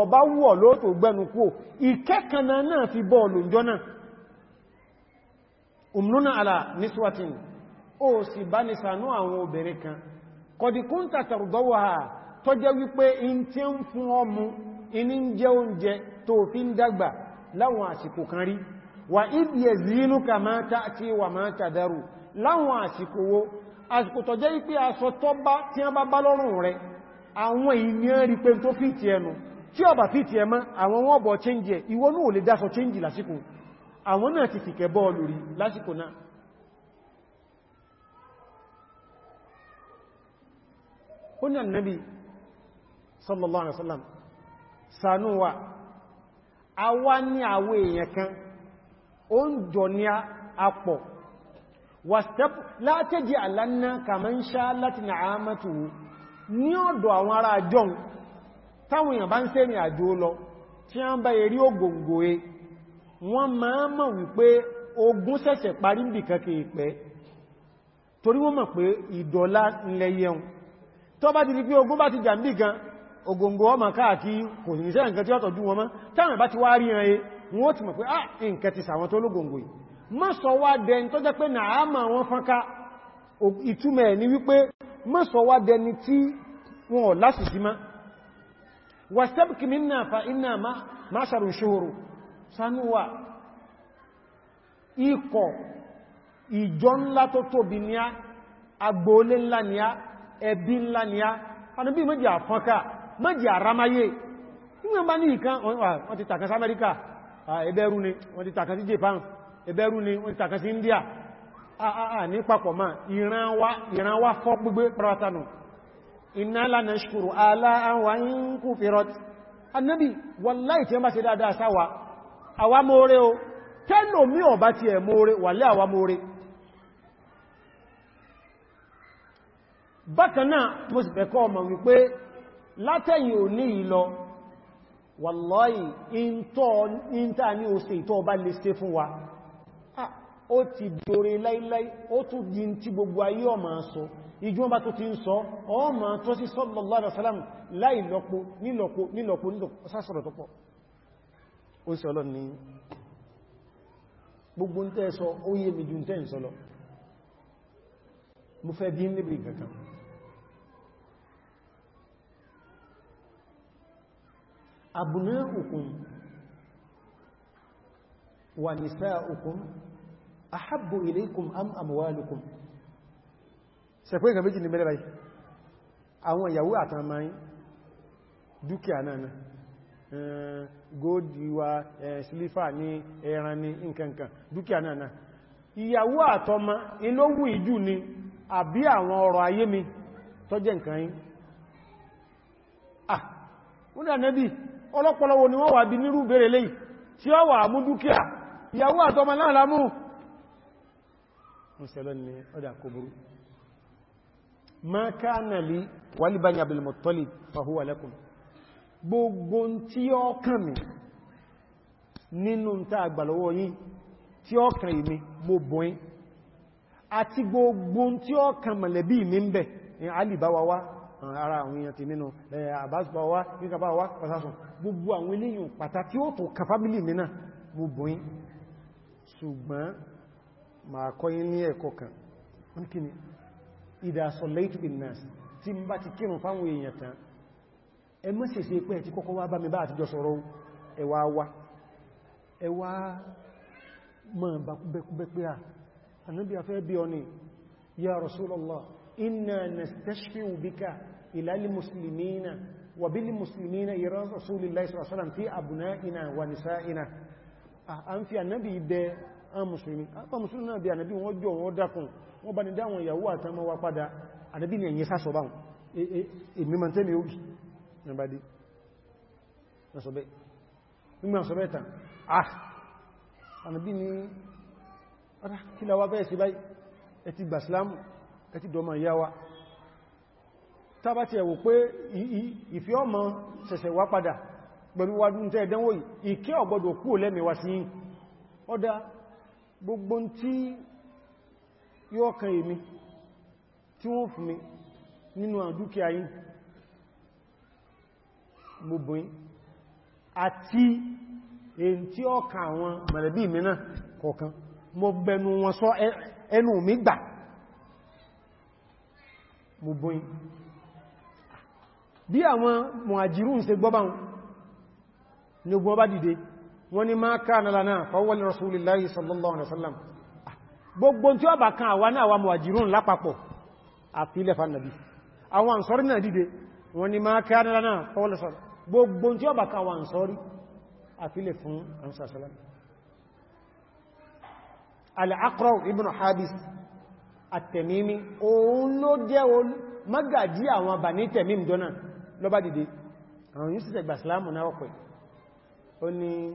ọba wọ̀ lóòtò gbẹnu kúò ìkẹ́kànnà náà fi bọ́ọ̀lù ìjọ náà òmìnà àlà níswàtín ó sì bá ní sànú àwọn obìnrin kan kọ̀dìkún tàtàrùdọ́wà in àsìkò tó jẹ́ wípé aṣọ tó bá tí wọ́n bá bá lọ́rùn rẹ̀ àwọn èèyàn rí pé tó fìtì ẹnu tí ọba fìtì ẹmá àwọn wọ́n bọ̀ change ẹ̀ ìwọ náà lè dáṣọ change lásìkò àwọn náà ti fìkẹ́ bọ́ lórí lásìkò náà sallallahu alaihi wasallam ṣàánú wa àwa ni àwọn èèyàn wàstẹ́p látẹ́jì àlànà kàmánṣá láti nà ámàtù ní ọ̀dọ̀ àwọn ará àjọun táwọn èèyàn bá ń ṣe àjò lọ tí a ń bá erí ògòǹgò e wọ́n máa mọ̀ wípé ogun ṣẹ̀ṣẹ̀ parí ń bì kankan ìpẹ́ torí wọ́n mọ̀ pé ìdọ̀lá ilẹ̀ yẹun tó bá ti di pé ogun bá ti jà ń bì gan ògòǹgò ọmọ káàkiri kò sì ní sẹ́rẹ̀ nǹkan tí ó tọ̀jú wọn mọ́ táwọn bá ti wá rí ẹran e wọ́n ti mọ̀ pé ah nǹkan ti sàwọn mọ́sọ̀wá na ni fa ìjọ ńlá tó tóbi ní á agbóolé ńlá ní á ẹbí ńlá ní á fàdúbí méjì àfánká méjì àrámáyé níwọ̀n bá ní ìkan wọ́n ti tàkan sí Amẹ́ríkà ẹ̀bẹ̀rú ni wọ́n ti tàkan sí Japan ẹbẹ́rú ni wọ́n tàkà sí India àà ní papọ̀ máa ìran wá fọ́ gbogbo pẹ̀lọ́tànù iná lánà ṣùkúrù aláàwà ń kú fèrọt annabi wallahi tí wọ́n bá ṣe dáadáa sáwà àwa o tẹ́lò mí ọ̀bá ti ẹ̀ mọ́ọ̀rẹ́ wale àwa mọ́ọ̀rẹ́ bákanáà mo sì fẹ́kọ́ ọmọ wípé látẹ̀yìn ò ní ìlọ wallahi ìntà ní ó ṣe ìtọ́ ọba lè ṣe fún wa ó ti dòrè láíláí ó tún di tí gbogbo ayé ọmọ sọ ìjú ọba tó ti ń sọ ọmọ tó sí sallallahu alaihi wasallam láì lọ́pọ̀ nílọ́pọ̀ nílọ́pọ̀ sásọ̀rọ̀ tó pọ̀ ó sì ọlọ́ ní gbogbo ń tẹ́ ahabbu ilaykum am amwalukum ṣé pé nǹkan meji ni mele báyìí àwọn ìyàwó atan mai dúkìá náà náà eh gold eh silifa ni ẹran ni nǹkan kan dúkìá náà náà ìyàwó àtọmọ ni abi awon oro aye mi to je nǹkan yín ah una nabi ọlọ́pọlọwọ ni won wa bí nírú bèèrè léyìí tí ó wà mú dúkìá ìyàwó àtọmọ náà musulun ni ọdá kòbúrú ma kana li wali bani Abdul Muttalib fa huwa lakum gbogbo tí ó kàn mí nínú ta àgbàlọ́wọ́ yìí tí ó kàn ìmí gbogbo yìí àti gbogbo tí ó kàn mọ̀lẹ̀bí mi ń bẹ̀ ní alìbáwáwá ara àwọn èèyàn ti nínú àbáṣbáwá nígbàbáwá pàtàkùn gbogbo àwọn eléyìn pàtàkì ó tó kà fámílì mi náà gbogbo yìí ṣùgbọ́n ma kọ́ yí ní ẹ̀kọ́ kan wọ́n kí ni ìdásọ̀lẹ́tù ìnáàsì tí bá ti kírùn fáwọn èèyàn tán ẹ mọ́ sí pé ẹ̀ tí kọ́kọ́ wá bá mi bá àtijọ́ sọ̀rọ̀ ẹwà wá ẹwà mọ́ bẹ̀kúbẹ̀kúbẹ̀ Ànábì a fẹ́ bi ọ́ ní ya Rasulullah inna nastashfi'u bika ila al-muslimina àwọn mùsùlùmí àwọn mùsùlùmí náà bí ànàbí wọ́n jọ wọ́n dákùn wọ́n bá ní dáwọn ìyàwó àtàmọ́ wa padà ànàbí ni ẹ̀yìn sásọ báhùn e, e, èmi ma tẹ́mi ó gì nígbàdí sọ́bẹ̀ta ah ànàbí ni ara kí la wá bẹ́ẹ̀ sí báyìí ẹti gbàsílámù ẹti dọmọ ìyáwá tábàtí ẹ̀wò pé ìfẹ́ ọmọ sẹ̀sẹ̀ wá padà pẹ̀lú wádùn tẹ́ ẹ̀dẹ́wò ìkẹ́ ọ̀gbọ́dọ̀ kú lẹ́mẹ̀wá sí ọdá gbogbo tí yóò kan èmi tí wọ́n fún mi nínú àdúkìá yìí gbogbo yìí àti èyí tí ó kan àwọn mọ̀lẹ̀bí mi kọ̀ọ̀kan mo gbẹnu wọn sọ ẹnu mi gbà gbogbo yìí bí àwọn mọ̀hàjírùn ṣe gbọ́bá wọn ni ogun ọba dìde wọ́n ni máa ká nàlà náà fọ́wọ́lì rasulillahi sallallahu alaihi wasallam ah, gbogbo tí ó bá kan àwọn náà wà muhajirun lápapọ̀ àfilẹ̀ fannabi àwọn ànsọ́rí náà dìde wọ́n ni máa Habis at òun ló jẹ́ magají àwọn Bani Tamim dọ́nà lọ́bá dìde àwọn yìí sì tẹ̀gbà sílámù náà ọ̀pẹ̀ ó ní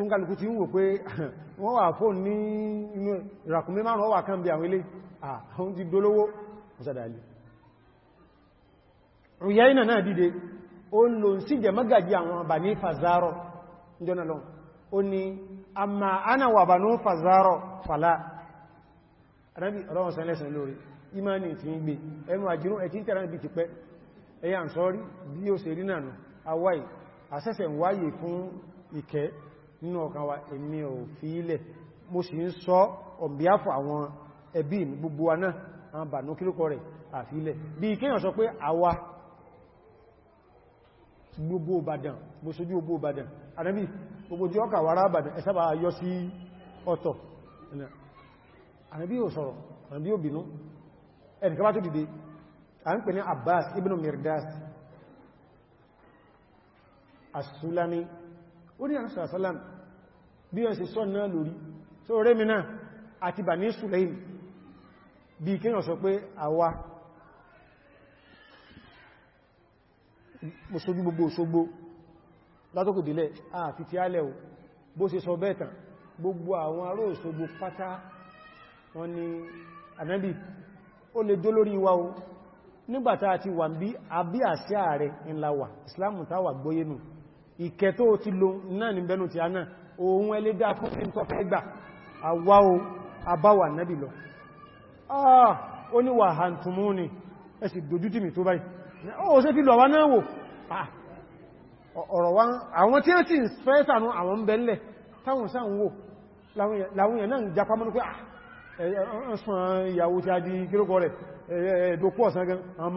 tó ń kálukú ti ń wò pé wọ́n wà fóòn ní inú ìràkùnmí márùn-ún wà kán bí àwọn ilé àwọn ti dolówó ọ̀sádàálì Uyayna náà dìde ó ń lò sí jẹ mọ́gàjí àwọn jọna ní àmà ana wà Fazaro imani fún ìkẹ́ nínú ọkàn wa èmi ò fi ilẹ̀ mo sì ń sọ ọ̀bíáfù àwọn ẹbí ní gbogbo wa náà àwọn bànú kílùkọ rẹ̀ àfilẹ̀ bí i kéyàn sọ pé àwa gbogbo Ìbàdàn mo sojú gbogbo Ìbàdàn ànábì gbogbo jí ọkà wàrá Ìbàdàn ẹ sábà yọ sí ọ̀tọ̀ ó ní àrùsùn àsálàmì bí wọ́n ṣe sọ náà lórí so rémi náà àti bà ní sùlẹ́yìn bí kíyàn sọ pé àwa mùsùlùmí gbogbo òṣogbo látòkò délẹ̀ àfi ti alẹ́ o bó ṣe sọ bẹ́ẹ̀ tàn gbogbo àwọn ará òṣogbo pátá wọn ni ànábì ó lè dó lórí wa o nígbàtá àti wà bí àbí àṣẹ ààrẹ ńlá wà táwà gbóyénù ìkẹ́ ti lo náà ní bẹnu ti a náà òun ẹlẹ́dà fún ìntọ́fẹ́ gbà àwáwò àbáwà nábì lọ ah ó ní wà hàntùmú ni ẹ sì dojú tì mí tó báyìí ó ṣe fi lọ wá náà wò ah, ọ̀rọ̀ wá àwọn tí ó sì fẹ́ sànú àwọn ń bẹ́lẹ̀ táwọn sáwọn wò láwọn èèyàn náà japa mọ́nú pé ọ̀sán ah, ìyàwó ti a di kírókọ rẹ̀ àwọn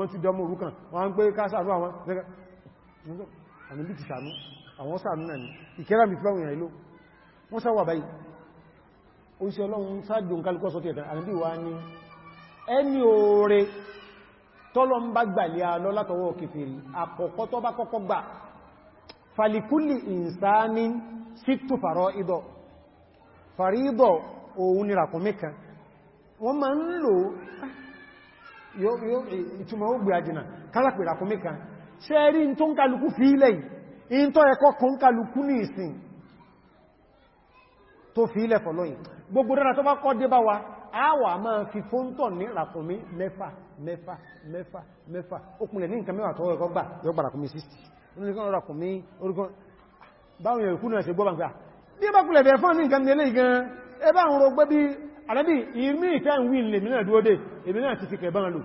mọ́ wọ́n sáwà báyìí oúnṣẹ́ ọlọ́run sáàjò nkálukọ́ sọ tẹ̀tẹ̀ àníbí wá ní ẹni oore tọ́lọ ń bá gbàlẹ̀ alọ́ látọwọ́ kèfèrí àkọ́kọ́ tọ́ bá kọ́kọ́ gbà falikuli insani sítù fàrọ idọ̀ fàrídọ̀ òun ni ràkùnmí kan wọ́n ma ń lò ìtumọ̀ ó gbé ajìnà kálàpì ràkùnmí kan ṣẹ́rí tó ń kálukú fi ilẹ̀ yìí in tọ́ kan kálukú ní ìsìn tó fi ilẹ̀ fọ̀lọ́yìn gbogbo dára tó bá kọ́ dé bá wa àwa máa fi fóńtọ̀ ní ràkúnmí mẹ́fà mẹ́fà mẹ́fà mẹ́fà okùnlẹ̀ ní nǹkan mẹ́wàá tọ́wọ́ ẹ̀kọ́ gbà yọ́gbà ràkúnmí 60 ràkúnmí orígun báwọn èèyàn ìkúnnà ṣe gbọ́bàá gbà bí bá kúlẹ̀ bẹ̀ẹ̀ fún ní nǹkan nílé gan ẹbá ń ro gbé bí àdábí ìrmí ìfẹ́ ń wí ilẹ̀ mìíràn dúró dé èmi náà ti fi kẹ̀bọ́n lò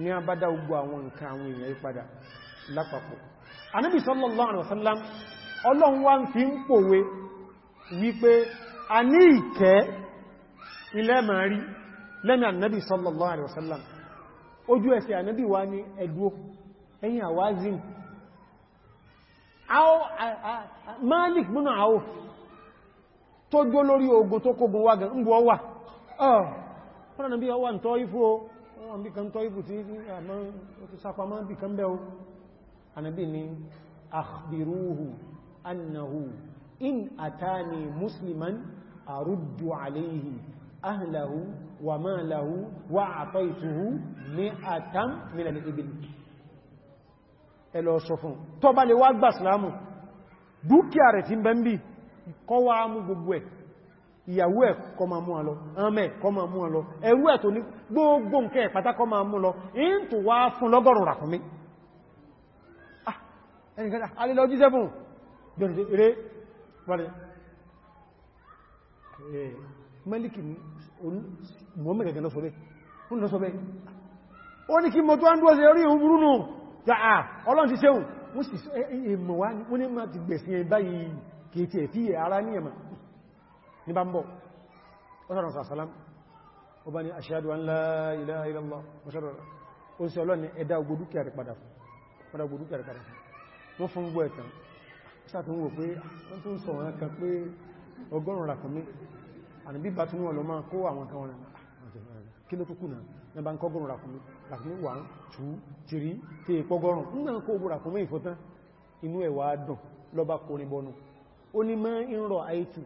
ní a bá dá ogbò àwọn nǹkan àwọn èèyàn ìpadà lápapọ̀ ànábì sallallahu alaihi wasallam ọlọ́run wá ń fi ń pòwe wípé a ní ìkẹ́ ilẹ̀ máa rí lẹ́mì sallallahu alaihi wasallam ojú ẹsẹ̀ ànábì wá ní ẹgbó ẹ̀yìn àwázìn Malik múnà àwò tó jó lórí ogun tó kógun wá gan gbọ́ wà ọ̀rọ̀ kan ni akhbiruhu annahu in atani musliman aruddu alayhi ahlahu wa malahu wa ataituhu mi'atan min al-ibil elo sọ fún tó bá lè wá gba islamu dúkìá rẹ̀ tin bembi kó wá mú gbogbo ẹ̀ ìyàwó ẹ̀ kó má mú lọ ame kó má mú lọ ẹrú ẹ̀ tó ní gbogbo nke pátá kó má mú lọ in tó wá fún lọ́gọ́rùn ra fún mi ah, ẹni kan a lè wọ́n mẹ́lìkì mọ́mẹ́ gẹ̀gẹ̀ lọ sọ́bẹ̀ fún lọ sọ́bẹ̀ ó ní kí mọ́ tó ń dúọ́sẹ̀ orí ohun burúnù yàá ọlọ́n ti ṣeun wọ́n sì èmọ̀ wá wọ́n ní máa ti gbẹ̀sìn ẹ báyìí kèèkè fí ara ní ẹ̀mà ní bá ń bọ̀ ọ̀sọ̀rọ̀ sàṣàlám ó bá ní ashhadu an la ilaha illallah ó sì ọlọ́ni ẹ̀dá ogbodúkẹ́ rẹ̀ padà fún wọ́n fún gbọ́ ẹ̀tàn sátún wò pé wọ́n tún sọ ọ̀rẹ́ kan pé ọgọ́rùn ràkúnmí àni bí bàtún wọ́n lọ máa kó àwọn kan wọn kí ló kúkú náà ní bá ń kọ́gọ́rùn ràkúnmí ràkúnmí wà ń tú tìrí tí è pọ́gọ́rùn nígbà ń kó ogun ràkúnmí ìfọ́tán inú ẹ̀wà dùn lọ́bá kórin bọnu ó ní máa ń rọ àìtù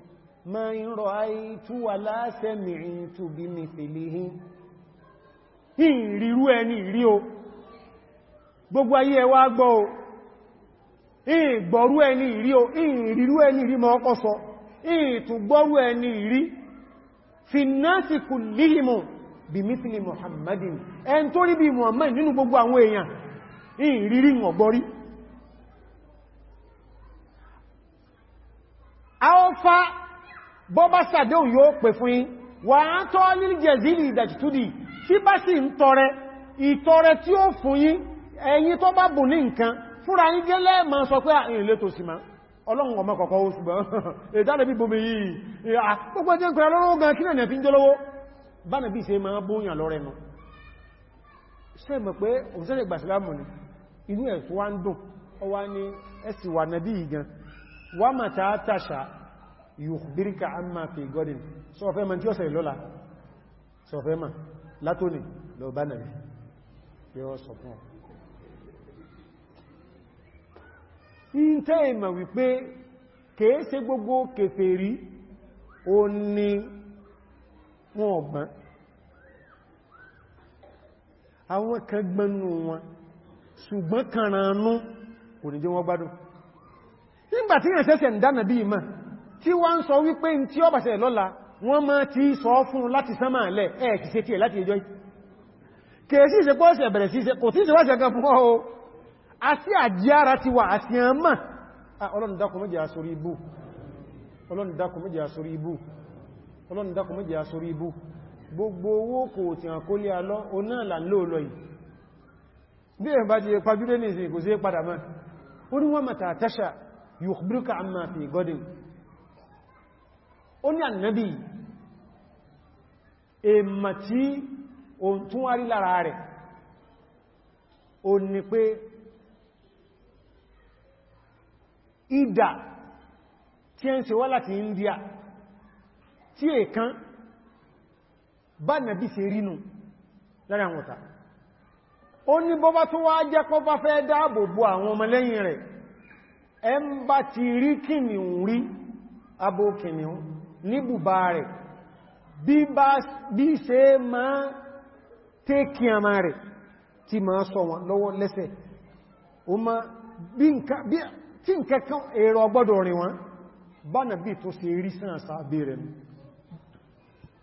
máa ń rọ àìtù wà láṣẹ mìírín tù bí mi fèlè hín ìrírú ẹni ìrí o gbogbo ayé ẹwà gbọ́ o ìgbọ̀rú ẹni ìrí o ìrírú ẹni ìrí mọ́ ọkọ́ sọ ìtùgbọ́rú ẹni ìrí fi náàsì kù lílìmọ̀ bí mítìlì ẹn tó Muhammad nínú gbogbo àwọn èèyàn ìrírí ọ̀gbọ́rí aọ́fà bọ́bá sàdéhùn yóò pè fún yín wà á tọ́ lílì jẹ̀zílì tó bá bù fúnra yí gẹ́lẹ́ ma sọ pé ah, ìrìnlẹ̀ tó sì ma ọlọ́run ọmọ kọ̀kọ́ ṣùgbọ́n ìdáre bí bomi yìí púpọ̀ jẹ́ nkùnrin lọ́rọ̀ gan kí nàìyàn fi ń jọlọ́wọ́ bá nà bí ṣe ma bóyàn lọ́rẹ̀ nù ṣe mọ̀ pé òṣèrè gbàṣìlámù ni inú ẹ̀ tó wá ń dùn ọ wá ní ẹ̀sì wà nàbí ìgan wà mà ta tàṣà yùkùbíríkà àmà fi gọ́dìn sọfẹ́ ma tí ó sẹ̀rẹ̀ lọ́la sọfẹ́ in tẹ́ ìmọ̀ wípé kèé gbogbo kèfèrí o ní wọn ọ̀gbọ́n àwọn kan wọn ṣùgbọ́n kàrànánú kò ní jẹ́ wọ́n gbádùn nígbàtí yàn ṣẹ́ṣẹ̀ ń dánà bí ìmọ̀ tí wọ́n ń sọ wípé tí ti sọ fún láti sánmà lẹ̀ ẹ̀ẹ̀kì se tí ẹ̀ láti ẹjọ́ kèé ìṣẹ́pọ̀ sí àti àjíára ti wà àti àmà ah, ọlọ́run dákun méjì àsorí ibú ọlọ́run dákun méjì àsorí ibú ọlọ́run dákun méjì àsorí ibú gbogbo owó kò tí a kó lé alọ́ onáàlà lóòlọ́ yìí bí ẹ̀ jẹ́ pàjúdé ní ìsìn kò sí padà mọ́ ó ní wọ́n mata tasha yukhbiruka amma fi godin ó ní ànàbí èmà tí ohun tún wá rí lára rẹ̀ ó ní pé ìdà tí ẹ ń ṣe wá láti India tí èkán bá nàbí ṣe rínú lára àwọn ọ̀tá ó ní bọ́bá tó wá jẹ́ pọ́ fẹ́ dáàbò bú àwọn ọmọlẹ́yìn rẹ̀ ẹ ń bá ti rí kìnnìún rí abo kìnnìún níbùbá rẹ̀ bí ṣe máa tẹ́kì àmà rẹ̀ tí máa sọ wọn lọ́wọ́ lẹ́sẹ̀ ma bí nǹkan tí n kẹkàn èrò ọgbọ́dọ̀ rìn wọn bá nàbí tó ṣe rí sàn sàábé rẹ̀ mú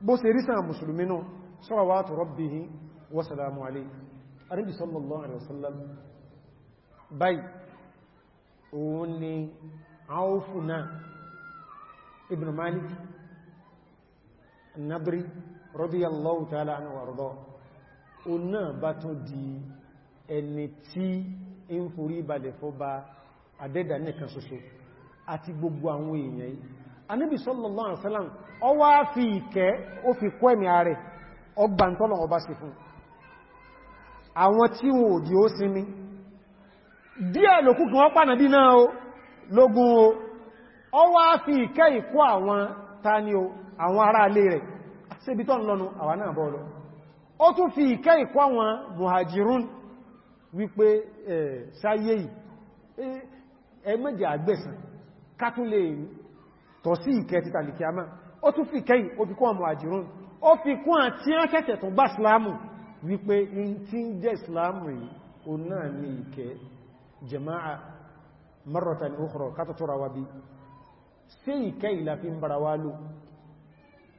bó ṣe rí sàn mùsùlùmí náà salawatu rabbihi wa salamu alayhi arábì sallallahu alaihi wasallam báyìí òun ni áwọ́fù ẹni tí ń forí balẹ̀ fọ́ bá àdẹ́dà nìkan ṣoṣo àti gbogbo àwọn èèyàn yìí anábì sallallahu alaihi wasallam ó wá fi ìkẹ́ ó fi kọ́ ẹ̀mí ààrẹ ọgbà ń tọ́lọ̀ ọba sí fún àwọn tí wọn ò di ó sinmi díẹ̀ lòkú wọ́n pànàbí náà o lógún o ó wá fi ìkẹ́ ìkọ́ àwọn tani o àwọn ará alé rẹ̀ síbi tọ́ lọ́nu àwa náà bọ́ ó tún fi ìkẹ́ ìkọ́ àwọn muhajirun wípé eh, sáyé yìí eh, ẹgbẹ́jẹ̀ àgbẹ̀sàn kátúlé tọ̀ sí ìkẹ́ títà lè kíyàmá ó tún fi kẹ́yìn ó fi kún àmọ̀ àjírún ó fi kún àti ákẹ́kẹ́ tó bá islamu wípé in tí ń jẹ́ islamu yìí o náà ní ìkẹ́ jama'a marratan ukhra kátàtọ́ra wa bí sí ìkẹ́ ìlàfin barawalo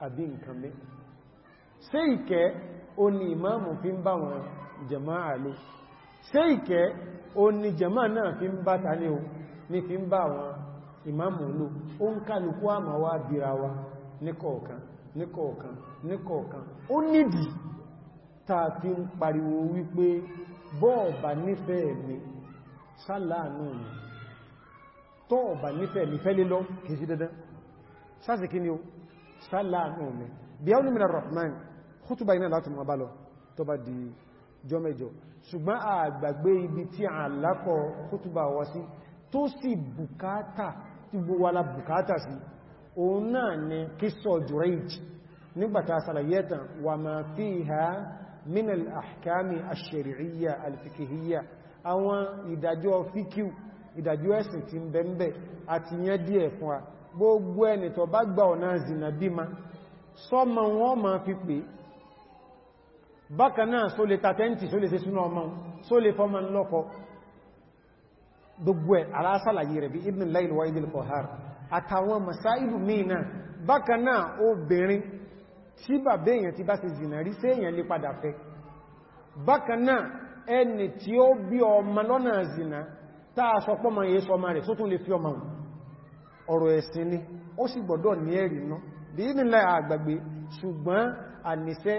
àbí nǹkan mẹ́ sí ní ìmáàmù fi ń bá wọn jama'a lo sí ìkẹ́ o náà fi ń bá ta ní ní fi ń bá àwọn ìmáàmù lò ó ń kálukú àmà wá bíra wa níkọ̀ọ̀kan níkọ̀ọ̀kan níkọ̀ọ̀kan ó nìdí tàà fi ń pariwo wípé bọ́ọ̀bà nífẹ̀ẹ́ mi sáláàánú mi tọ́ọ̀bà nífẹ̀ẹ́ mi fẹ́ lélọ́ kìí sí dandan sáàsìkí ni ó sáláàánú ṣùgbọ́n àgbàgbé ibi tí àlákọ̀ kútùbà wá sí tó sì bùkátà tí gbogbo wa la bùkátà sí òun náà ni kíso jùrẹ́jì nígbàtà sàlàyẹ́tàn wà máa fiha min al-ahkami ash-shar'iyya al-fiqhiyya àwọn ìdájọ́ fíkíù ìdájọ́ ẹ̀sìn ti ń bẹ̀m̀bẹ̀ àti yẹn díẹ̀ fún gbogbo ẹni tó bá gba ọ̀nà zìnà bí ma sọ́mọ ma fi pè bákanáà só lè tàtẹ́ntì só lè ṣe súnà ọmọ só lè fọ́mọ lọ́kọ̀ọ́ gbogbo ẹ̀ alásàlàyé rẹ̀ bí ibn lail wa idil kohar àtàwọn masáìlú mìíràn bákan náà obìnrin tí bàbá èèyàn ti bá ṣe zìnà rí sí èèyàn lè padà fẹ́ bákan náà ẹni tí ó bí ọmọ lọ́nà zìnà táà sọ pọ́mọ yẹ sọ ọmọ rẹ̀ tó ni ó sì gbọ́dọ̀ ní ẹ̀rì ná bí i nílẹ̀ àgbàgbé ṣùgbọ́n àníṣẹ́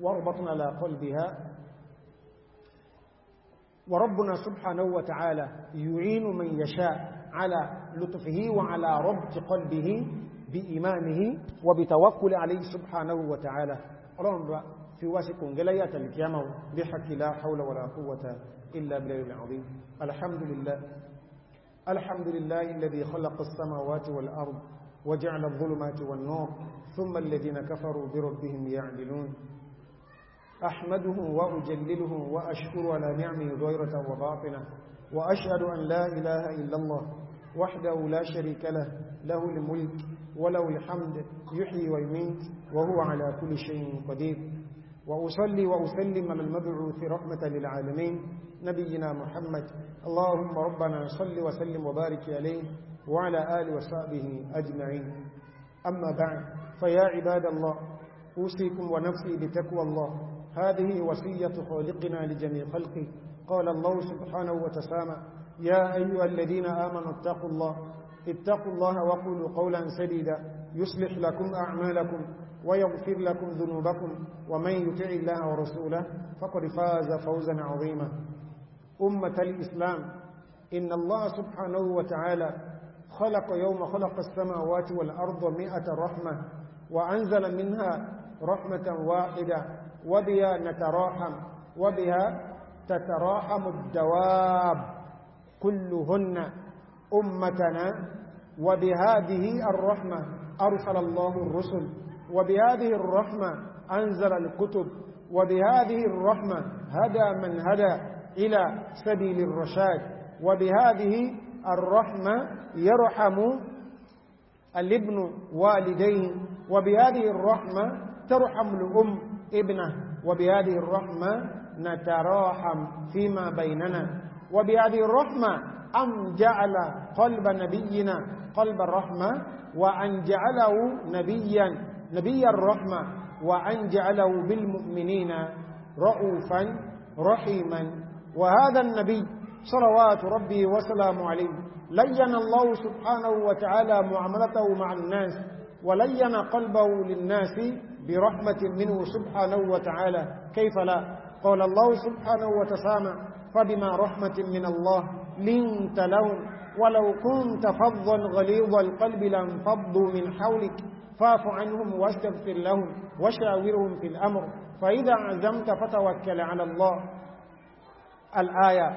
واربطنا على قلبها وربنا سبحانه وتعالى يعين من يشاء على لطفه وعلى ربط قلبه بإيمانه وبتوكل عليه سبحانه وتعالى رمضة في واسق قلية الكيامة بحك لا حول ولا قوة إلا بلاي العظيم الحمد لله الحمد لله الذي خلق السماوات والأرض وجعل الظلمات والنور ثم الذين كفروا بربهم يعدلون أحمده وأجلله وأشكر على نعمه غيرة وباطنة وأشهد أن لا إله إلا الله وحده لا شريك له له الملك وله الحمد يحيي ويميت وهو على كل شيء قدير وأصلي وأسلم من المبعوث رحمة للعالمين نبينا محمد اللهم ربنا صل وسلم وبارك عليه وعلى آله وصحبه أجمعين أما بعد فيا عباد الله أوصيكم ونفسي بتقوى الله هذه وصية خالقنا لجميع خلقه قال الله سبحانه وتسامى يا أيها الذين آمنوا اتقوا الله اتقوا الله وقولوا قولا سديدا يصلح لكم أعمالكم ويغفر لكم ذنوبكم ومن يطع الله ورسوله فقد فاز فوزا عظيما أمة الإسلام إن الله سبحانه وتعالى خلق يوم خلق السماوات والأرض مئة رحمة وأنزل منها رحمة واحدة وبها نتراحم وبها تتراحم الدواب كلهن أمتنا وبهذه الرحمة أرسل الله الرسل وبهذه الرحمة أنزل الكتب وبهذه الرحمة هدى من هدى إلى سبيل الرشاد وبهذه الرحمة يرحم الابن والديه وبهذه الرحمة ترحم الأم ابنه وبهذه الرحمة نتراحم فيما بيننا وبهذه الرحمة أن جعل قلب نبينا قلب الرحمة وأن جعله نبيا نبي الرحمة وأن جعله بالمؤمنين رؤوفا رحيما وهذا النبي صلوات ربي وسلام عليه لين الله سبحانه وتعالى معاملته مع الناس ولين قلبه للناس برحمة منه سبحانه وتعالى كيف لا قال الله سبحانه وتسامى فبما رحمة من الله لنت لهم ولو كنت فظا غليظ القلب لانفضوا من حولك فاف عنهم واستغفر لهم وشاورهم في الأمر فإذا عزمت فتوكل على الله الآية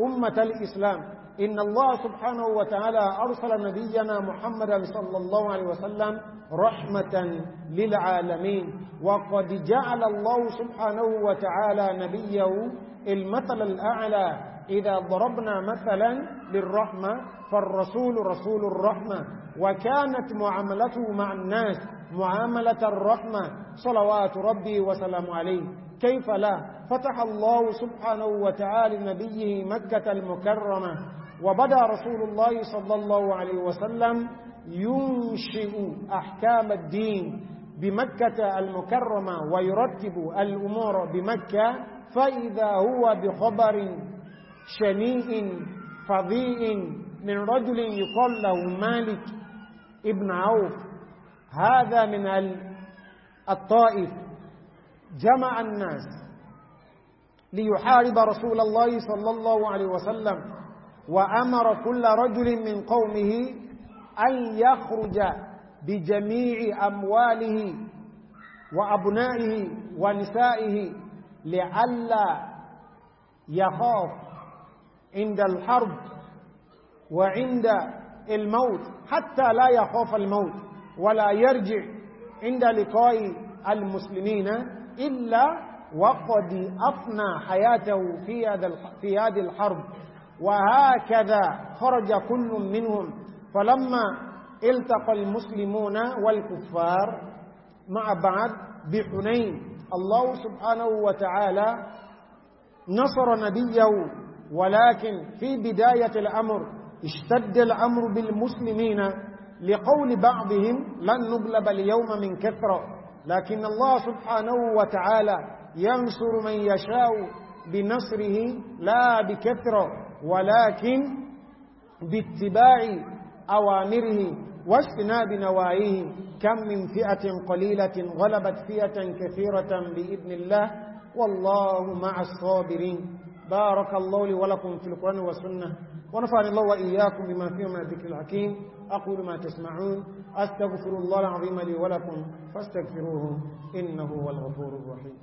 أمة الإسلام إن الله سبحانه وتعالى أرسل نبينا محمدا صلى الله عليه وسلم رحمة للعالمين وقد جعل الله سبحانه وتعالى نبيه المثل الأعلى إذا ضربنا مثلا للرحمة فالرسول رسول الرحمة وكانت معاملته مع الناس معاملة الرحمة صلوات ربي وسلام عليه كيف لا فتح الله سبحانه وتعالى نبيه مكة المكرمة وبدا رسول الله صلى الله عليه وسلم ينشئ أحكام الدين بمكة المكرمة ويرتب الأمور بمكة فإذا هو بخبر شنيء فظيء من رجل يقال له مالك ابن عوف هذا من الطائف جمع الناس ليحارب رسول الله صلى الله عليه وسلم وأمر كل رجل من قومه أن يخرج بجميع أمواله وأبنائه ونسائه لئلا يخاف عند الحرب وعند الموت حتى لا يخاف الموت ولا يرجع عند لقاء المسلمين إلا وقد أفنى حياته في هذه الحرب وهكذا خرج كل منهم فلما التقى المسلمون والكفار مع بعض بحنين الله سبحانه وتعالى نصر نبيه ولكن في بداية الأمر اشتد الأمر بالمسلمين لقول بعضهم لن نبلب اليوم من كثرة لكن الله سبحانه وتعالى ينصر من يشاء بنصره لا بكثرة ولكن باتباع أوامره واجتناب نواهيه كم من فئة قليلة غلبت فئة كثيرة بإذن الله والله مع الصابرين بارك الله لي ولكم في القرآن والسنة ونفعني الله وإياكم بما فيه من الذكر الحكيم أقول ما تسمعون أستغفر الله العظيم لي ولكم فاستغفروه إنه هو الغفور الرحيم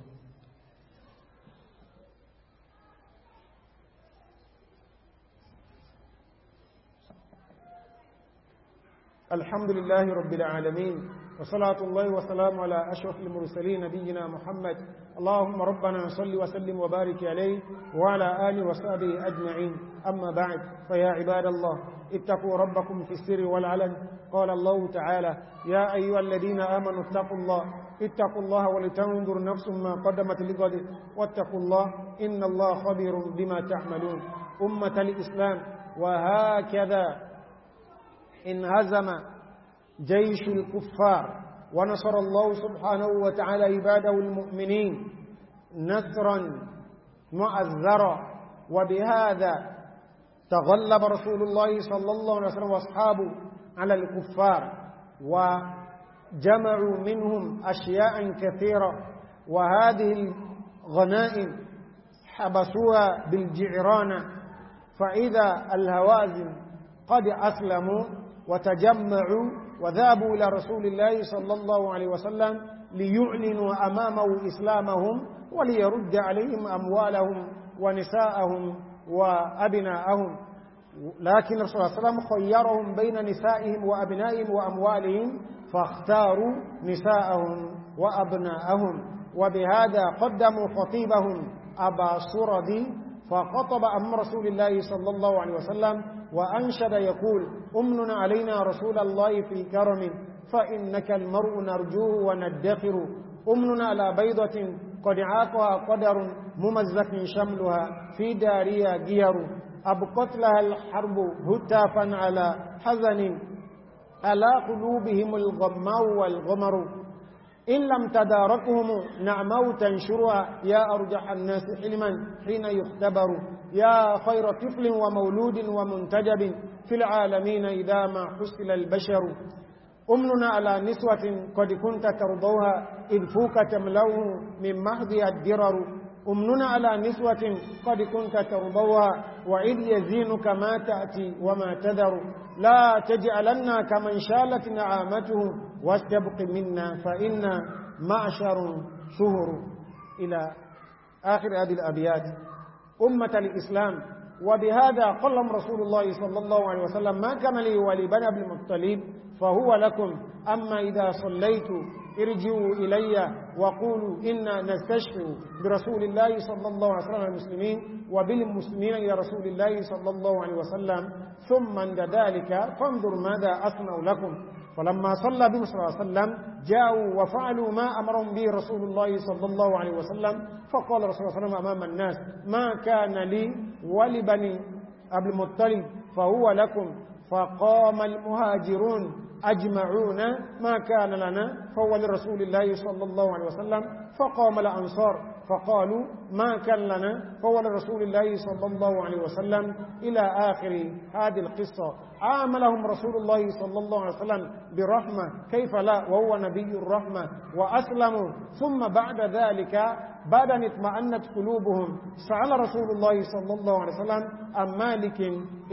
الحمد لله رب العالمين وصلاة الله وسلام على أشرف المرسلين نبينا محمد اللهم ربنا صل وسلم وبارك عليه وعلى آل وصحبه أجمعين أما بعد فيا عباد الله اتقوا ربكم في السر والعلن قال الله تعالى يا أيها الذين آمنوا اتقوا الله اتقوا الله ولتنظر نفس ما قدمت لقد واتقوا الله إن الله خبير بما تعملون أمة الإسلام وهكذا انهزم جيش الكفار ونصر الله سبحانه وتعالى عباده المؤمنين نصرا مؤذرا وبهذا تغلب رسول الله صلى الله عليه وسلم واصحابه على الكفار وجمعوا منهم أشياء كثيرة وهذه الغنائم حبسوها بالجعرانة فإذا الهوازن قد أسلموا وتجمعوا وذهبوا إلى رسول الله صلى الله عليه وسلم ليعلنوا أمامه إسلامهم وليرد عليهم أموالهم ونساءهم وأبناءهم لكن الرسول صلى الله عليه وسلم خيرهم بين نسائهم وأبنائهم وأموالهم فاختاروا نساءهم وأبناءهم وبهذا قدموا خطيبهم أبا سردي فخطب أم رسول الله صلى الله عليه وسلم وأنشد يقول أمن علينا رسول الله في كرم فإنك المرء نرجوه وندخر أمن على بيضة قد عاقها قدر ممزق شملها في داريا جير أبقت لها الحرب هتافا على حزن ألا قلوبهم الغماء والغمر إن لم تداركهم نعموا تنشرها يا أرجح الناس حلما حين يختبر يا خير طفل ومولود ومنتجب في العالمين إذا ما حسل البشر أمننا على نسوة قد كنت ترضوها إذ فوك تملوه من مهدي الدرر أمننا على نسوة قد كنت ترضوها وإذ يزينك ما تأتي وما تذر لا تجعلنا كمن شالت نعامته واستبق منا فإنا معشر شهر إلى آخر هذه الأبيات أمة الإسلام وبهذا قال رسول الله صلى الله عليه وسلم ما كملي ولبنى بن المطلب فهو لكم أما إذا صليت ارجعوا إلي وقولوا إنا نستشفع برسول الله صلى الله عليه وسلم المسلمين وبالمسلمين إلى رسول الله صلى الله عليه وسلم ثم عند ذلك فانظر ماذا أصنع لكم فلما صلى بهم صلى الله عليه وسلم جاءوا وفعلوا ما أمرهم به رسول الله صلى الله عليه وسلم فقال رسول الله صلى الله عليه وسلم أمام الناس ما كان لي ولبني أبي المطلب فهو لكم فقام المهاجرون أجمعون ما كان لنا فهو لرسول الله صلى الله عليه وسلم فقام الأنصار فقالوا ما كان لنا فهو رسول الله صلى الله عليه وسلم إلى آخر هذه القصة عاملهم رسول الله صلى الله عليه وسلم برحمة كيف لا وهو نبي الرحمة وأسلموا ثم بعد ذلك بعد أن اطمأنت قلوبهم سأل رسول الله صلى الله عليه وسلم عن مالك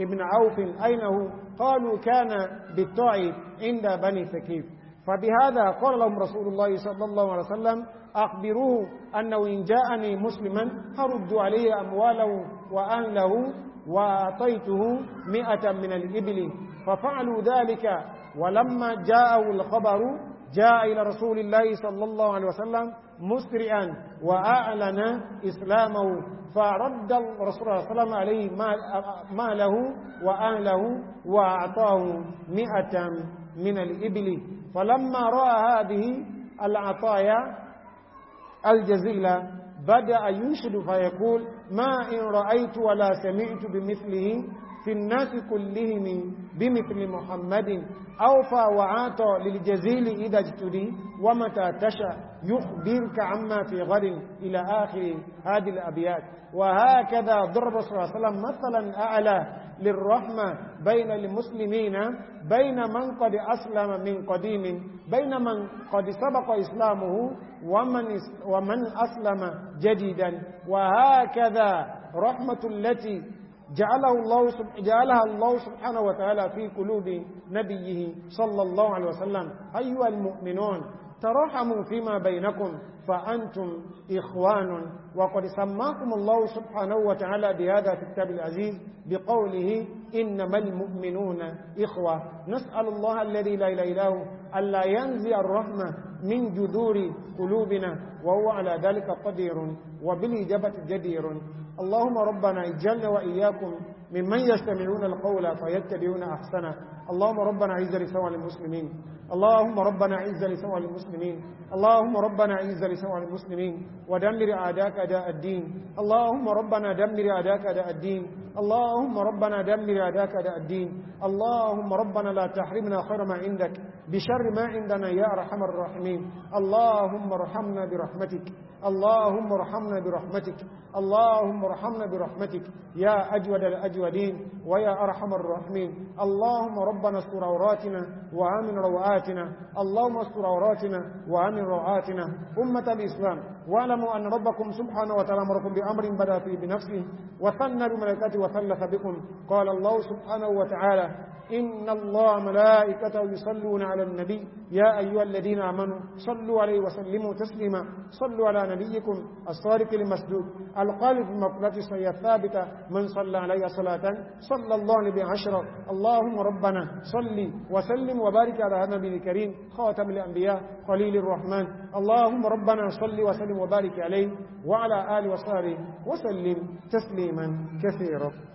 ابن عوف أين هو قالوا كان بالطاع عند بني ثكيف فبهذا قال لهم رسول الله صلى الله عليه وسلم أخبروه أنه إن جاءني مسلما هرد عليه أمواله وأهله وأعطيته مئة من الإبل ففعلوا ذلك ولما جاءه الخبر جاء إلى رسول الله صلى الله عليه وسلم مسرعا وأعلن إسلامه فرد الرسول صلى الله عليه وسلم عليه ماله وأهله وأعطاه مئة من الإبل فلما رأى هذه العطايا الجزيلة بدأ ينشد فيقول ما إن رأيت ولا سمعت بمثله في الناس كلهم بمثل محمد أوفى وعاطى للجزيل إذا اجتدي ومتى تشاء يخبرك عما في غد إلى آخر هذه الأبيات وهكذا ضرب صلى الله عليه وسلم مثلا أعلى للرحمة بين المسلمين بين من قد أسلم من قديم بين من قد سبق إسلامه ومن, ومن أسلم جديدا وهكذا رحمة التي جعله الله جعلها الله سبحانه وتعالى في قلوب نبيه صلى الله عليه وسلم أيها المؤمنون تراحموا فيما بينكم فأنتم إخوان وقد سماكم الله سبحانه وتعالى بهذا في الكتاب العزيز بقوله إنما المؤمنون إخوة نسأل الله الذي لا إله إلا هو ألا ينزع الرحمة من جذور قلوبنا وهو على ذلك قدير وبالإجابة جدير اللهم ربنا اجعلنا وإياكم ممن يستمعون القول فيتبعون أحسنه اللهم ربنا اعز لسوء المسلمين اللهم ربنا اعز لسوء المسلمين اللهم ربنا اعز لسوء المسلمين ودمر أعداءك أداء الدين اللهم ربنا دمر أعداءك أداء الدين اللهم ربنا دمر أعداءك أداء الدين اللهم ربنا لا تحرمنا خير ما عندك بشر ما عندنا يا أرحم الراحمين اللهم ارحمنا برحمتك اللهم ارحمنا برحمتك اللهم ارحمنا برحمتك يا أجود الأجودين ويا أرحم الراحمين اللهم ربنا استر عوراتنا وآمن روعاتنا اللهم استر عوراتنا وآمن روعاتنا أمة الإسلام واعلموا أن ربكم سبحانه وتعالى أمركم بأمر بدأ فيه بنفسه وثنى بملكاته وثلث بكم قال الله سبحانه وتعالى إن الله ملائكته يصلون على النبي يا أيها الذين آمنوا صلوا عليه وسلموا تسليما صلوا على نبيكم الصادق المسدود القالب مقلة صلية الثابتة من صلى عليه صلاة صلى الله عليه عشرة اللهم ربنا صلي وسلم وبارك على هذا النبي الكريم خاتم الأنبياء قليل الرحمن اللهم ربنا صلي وسلم وبارك عليه وعلى آله وصحبه وسلم تسليما كثيرا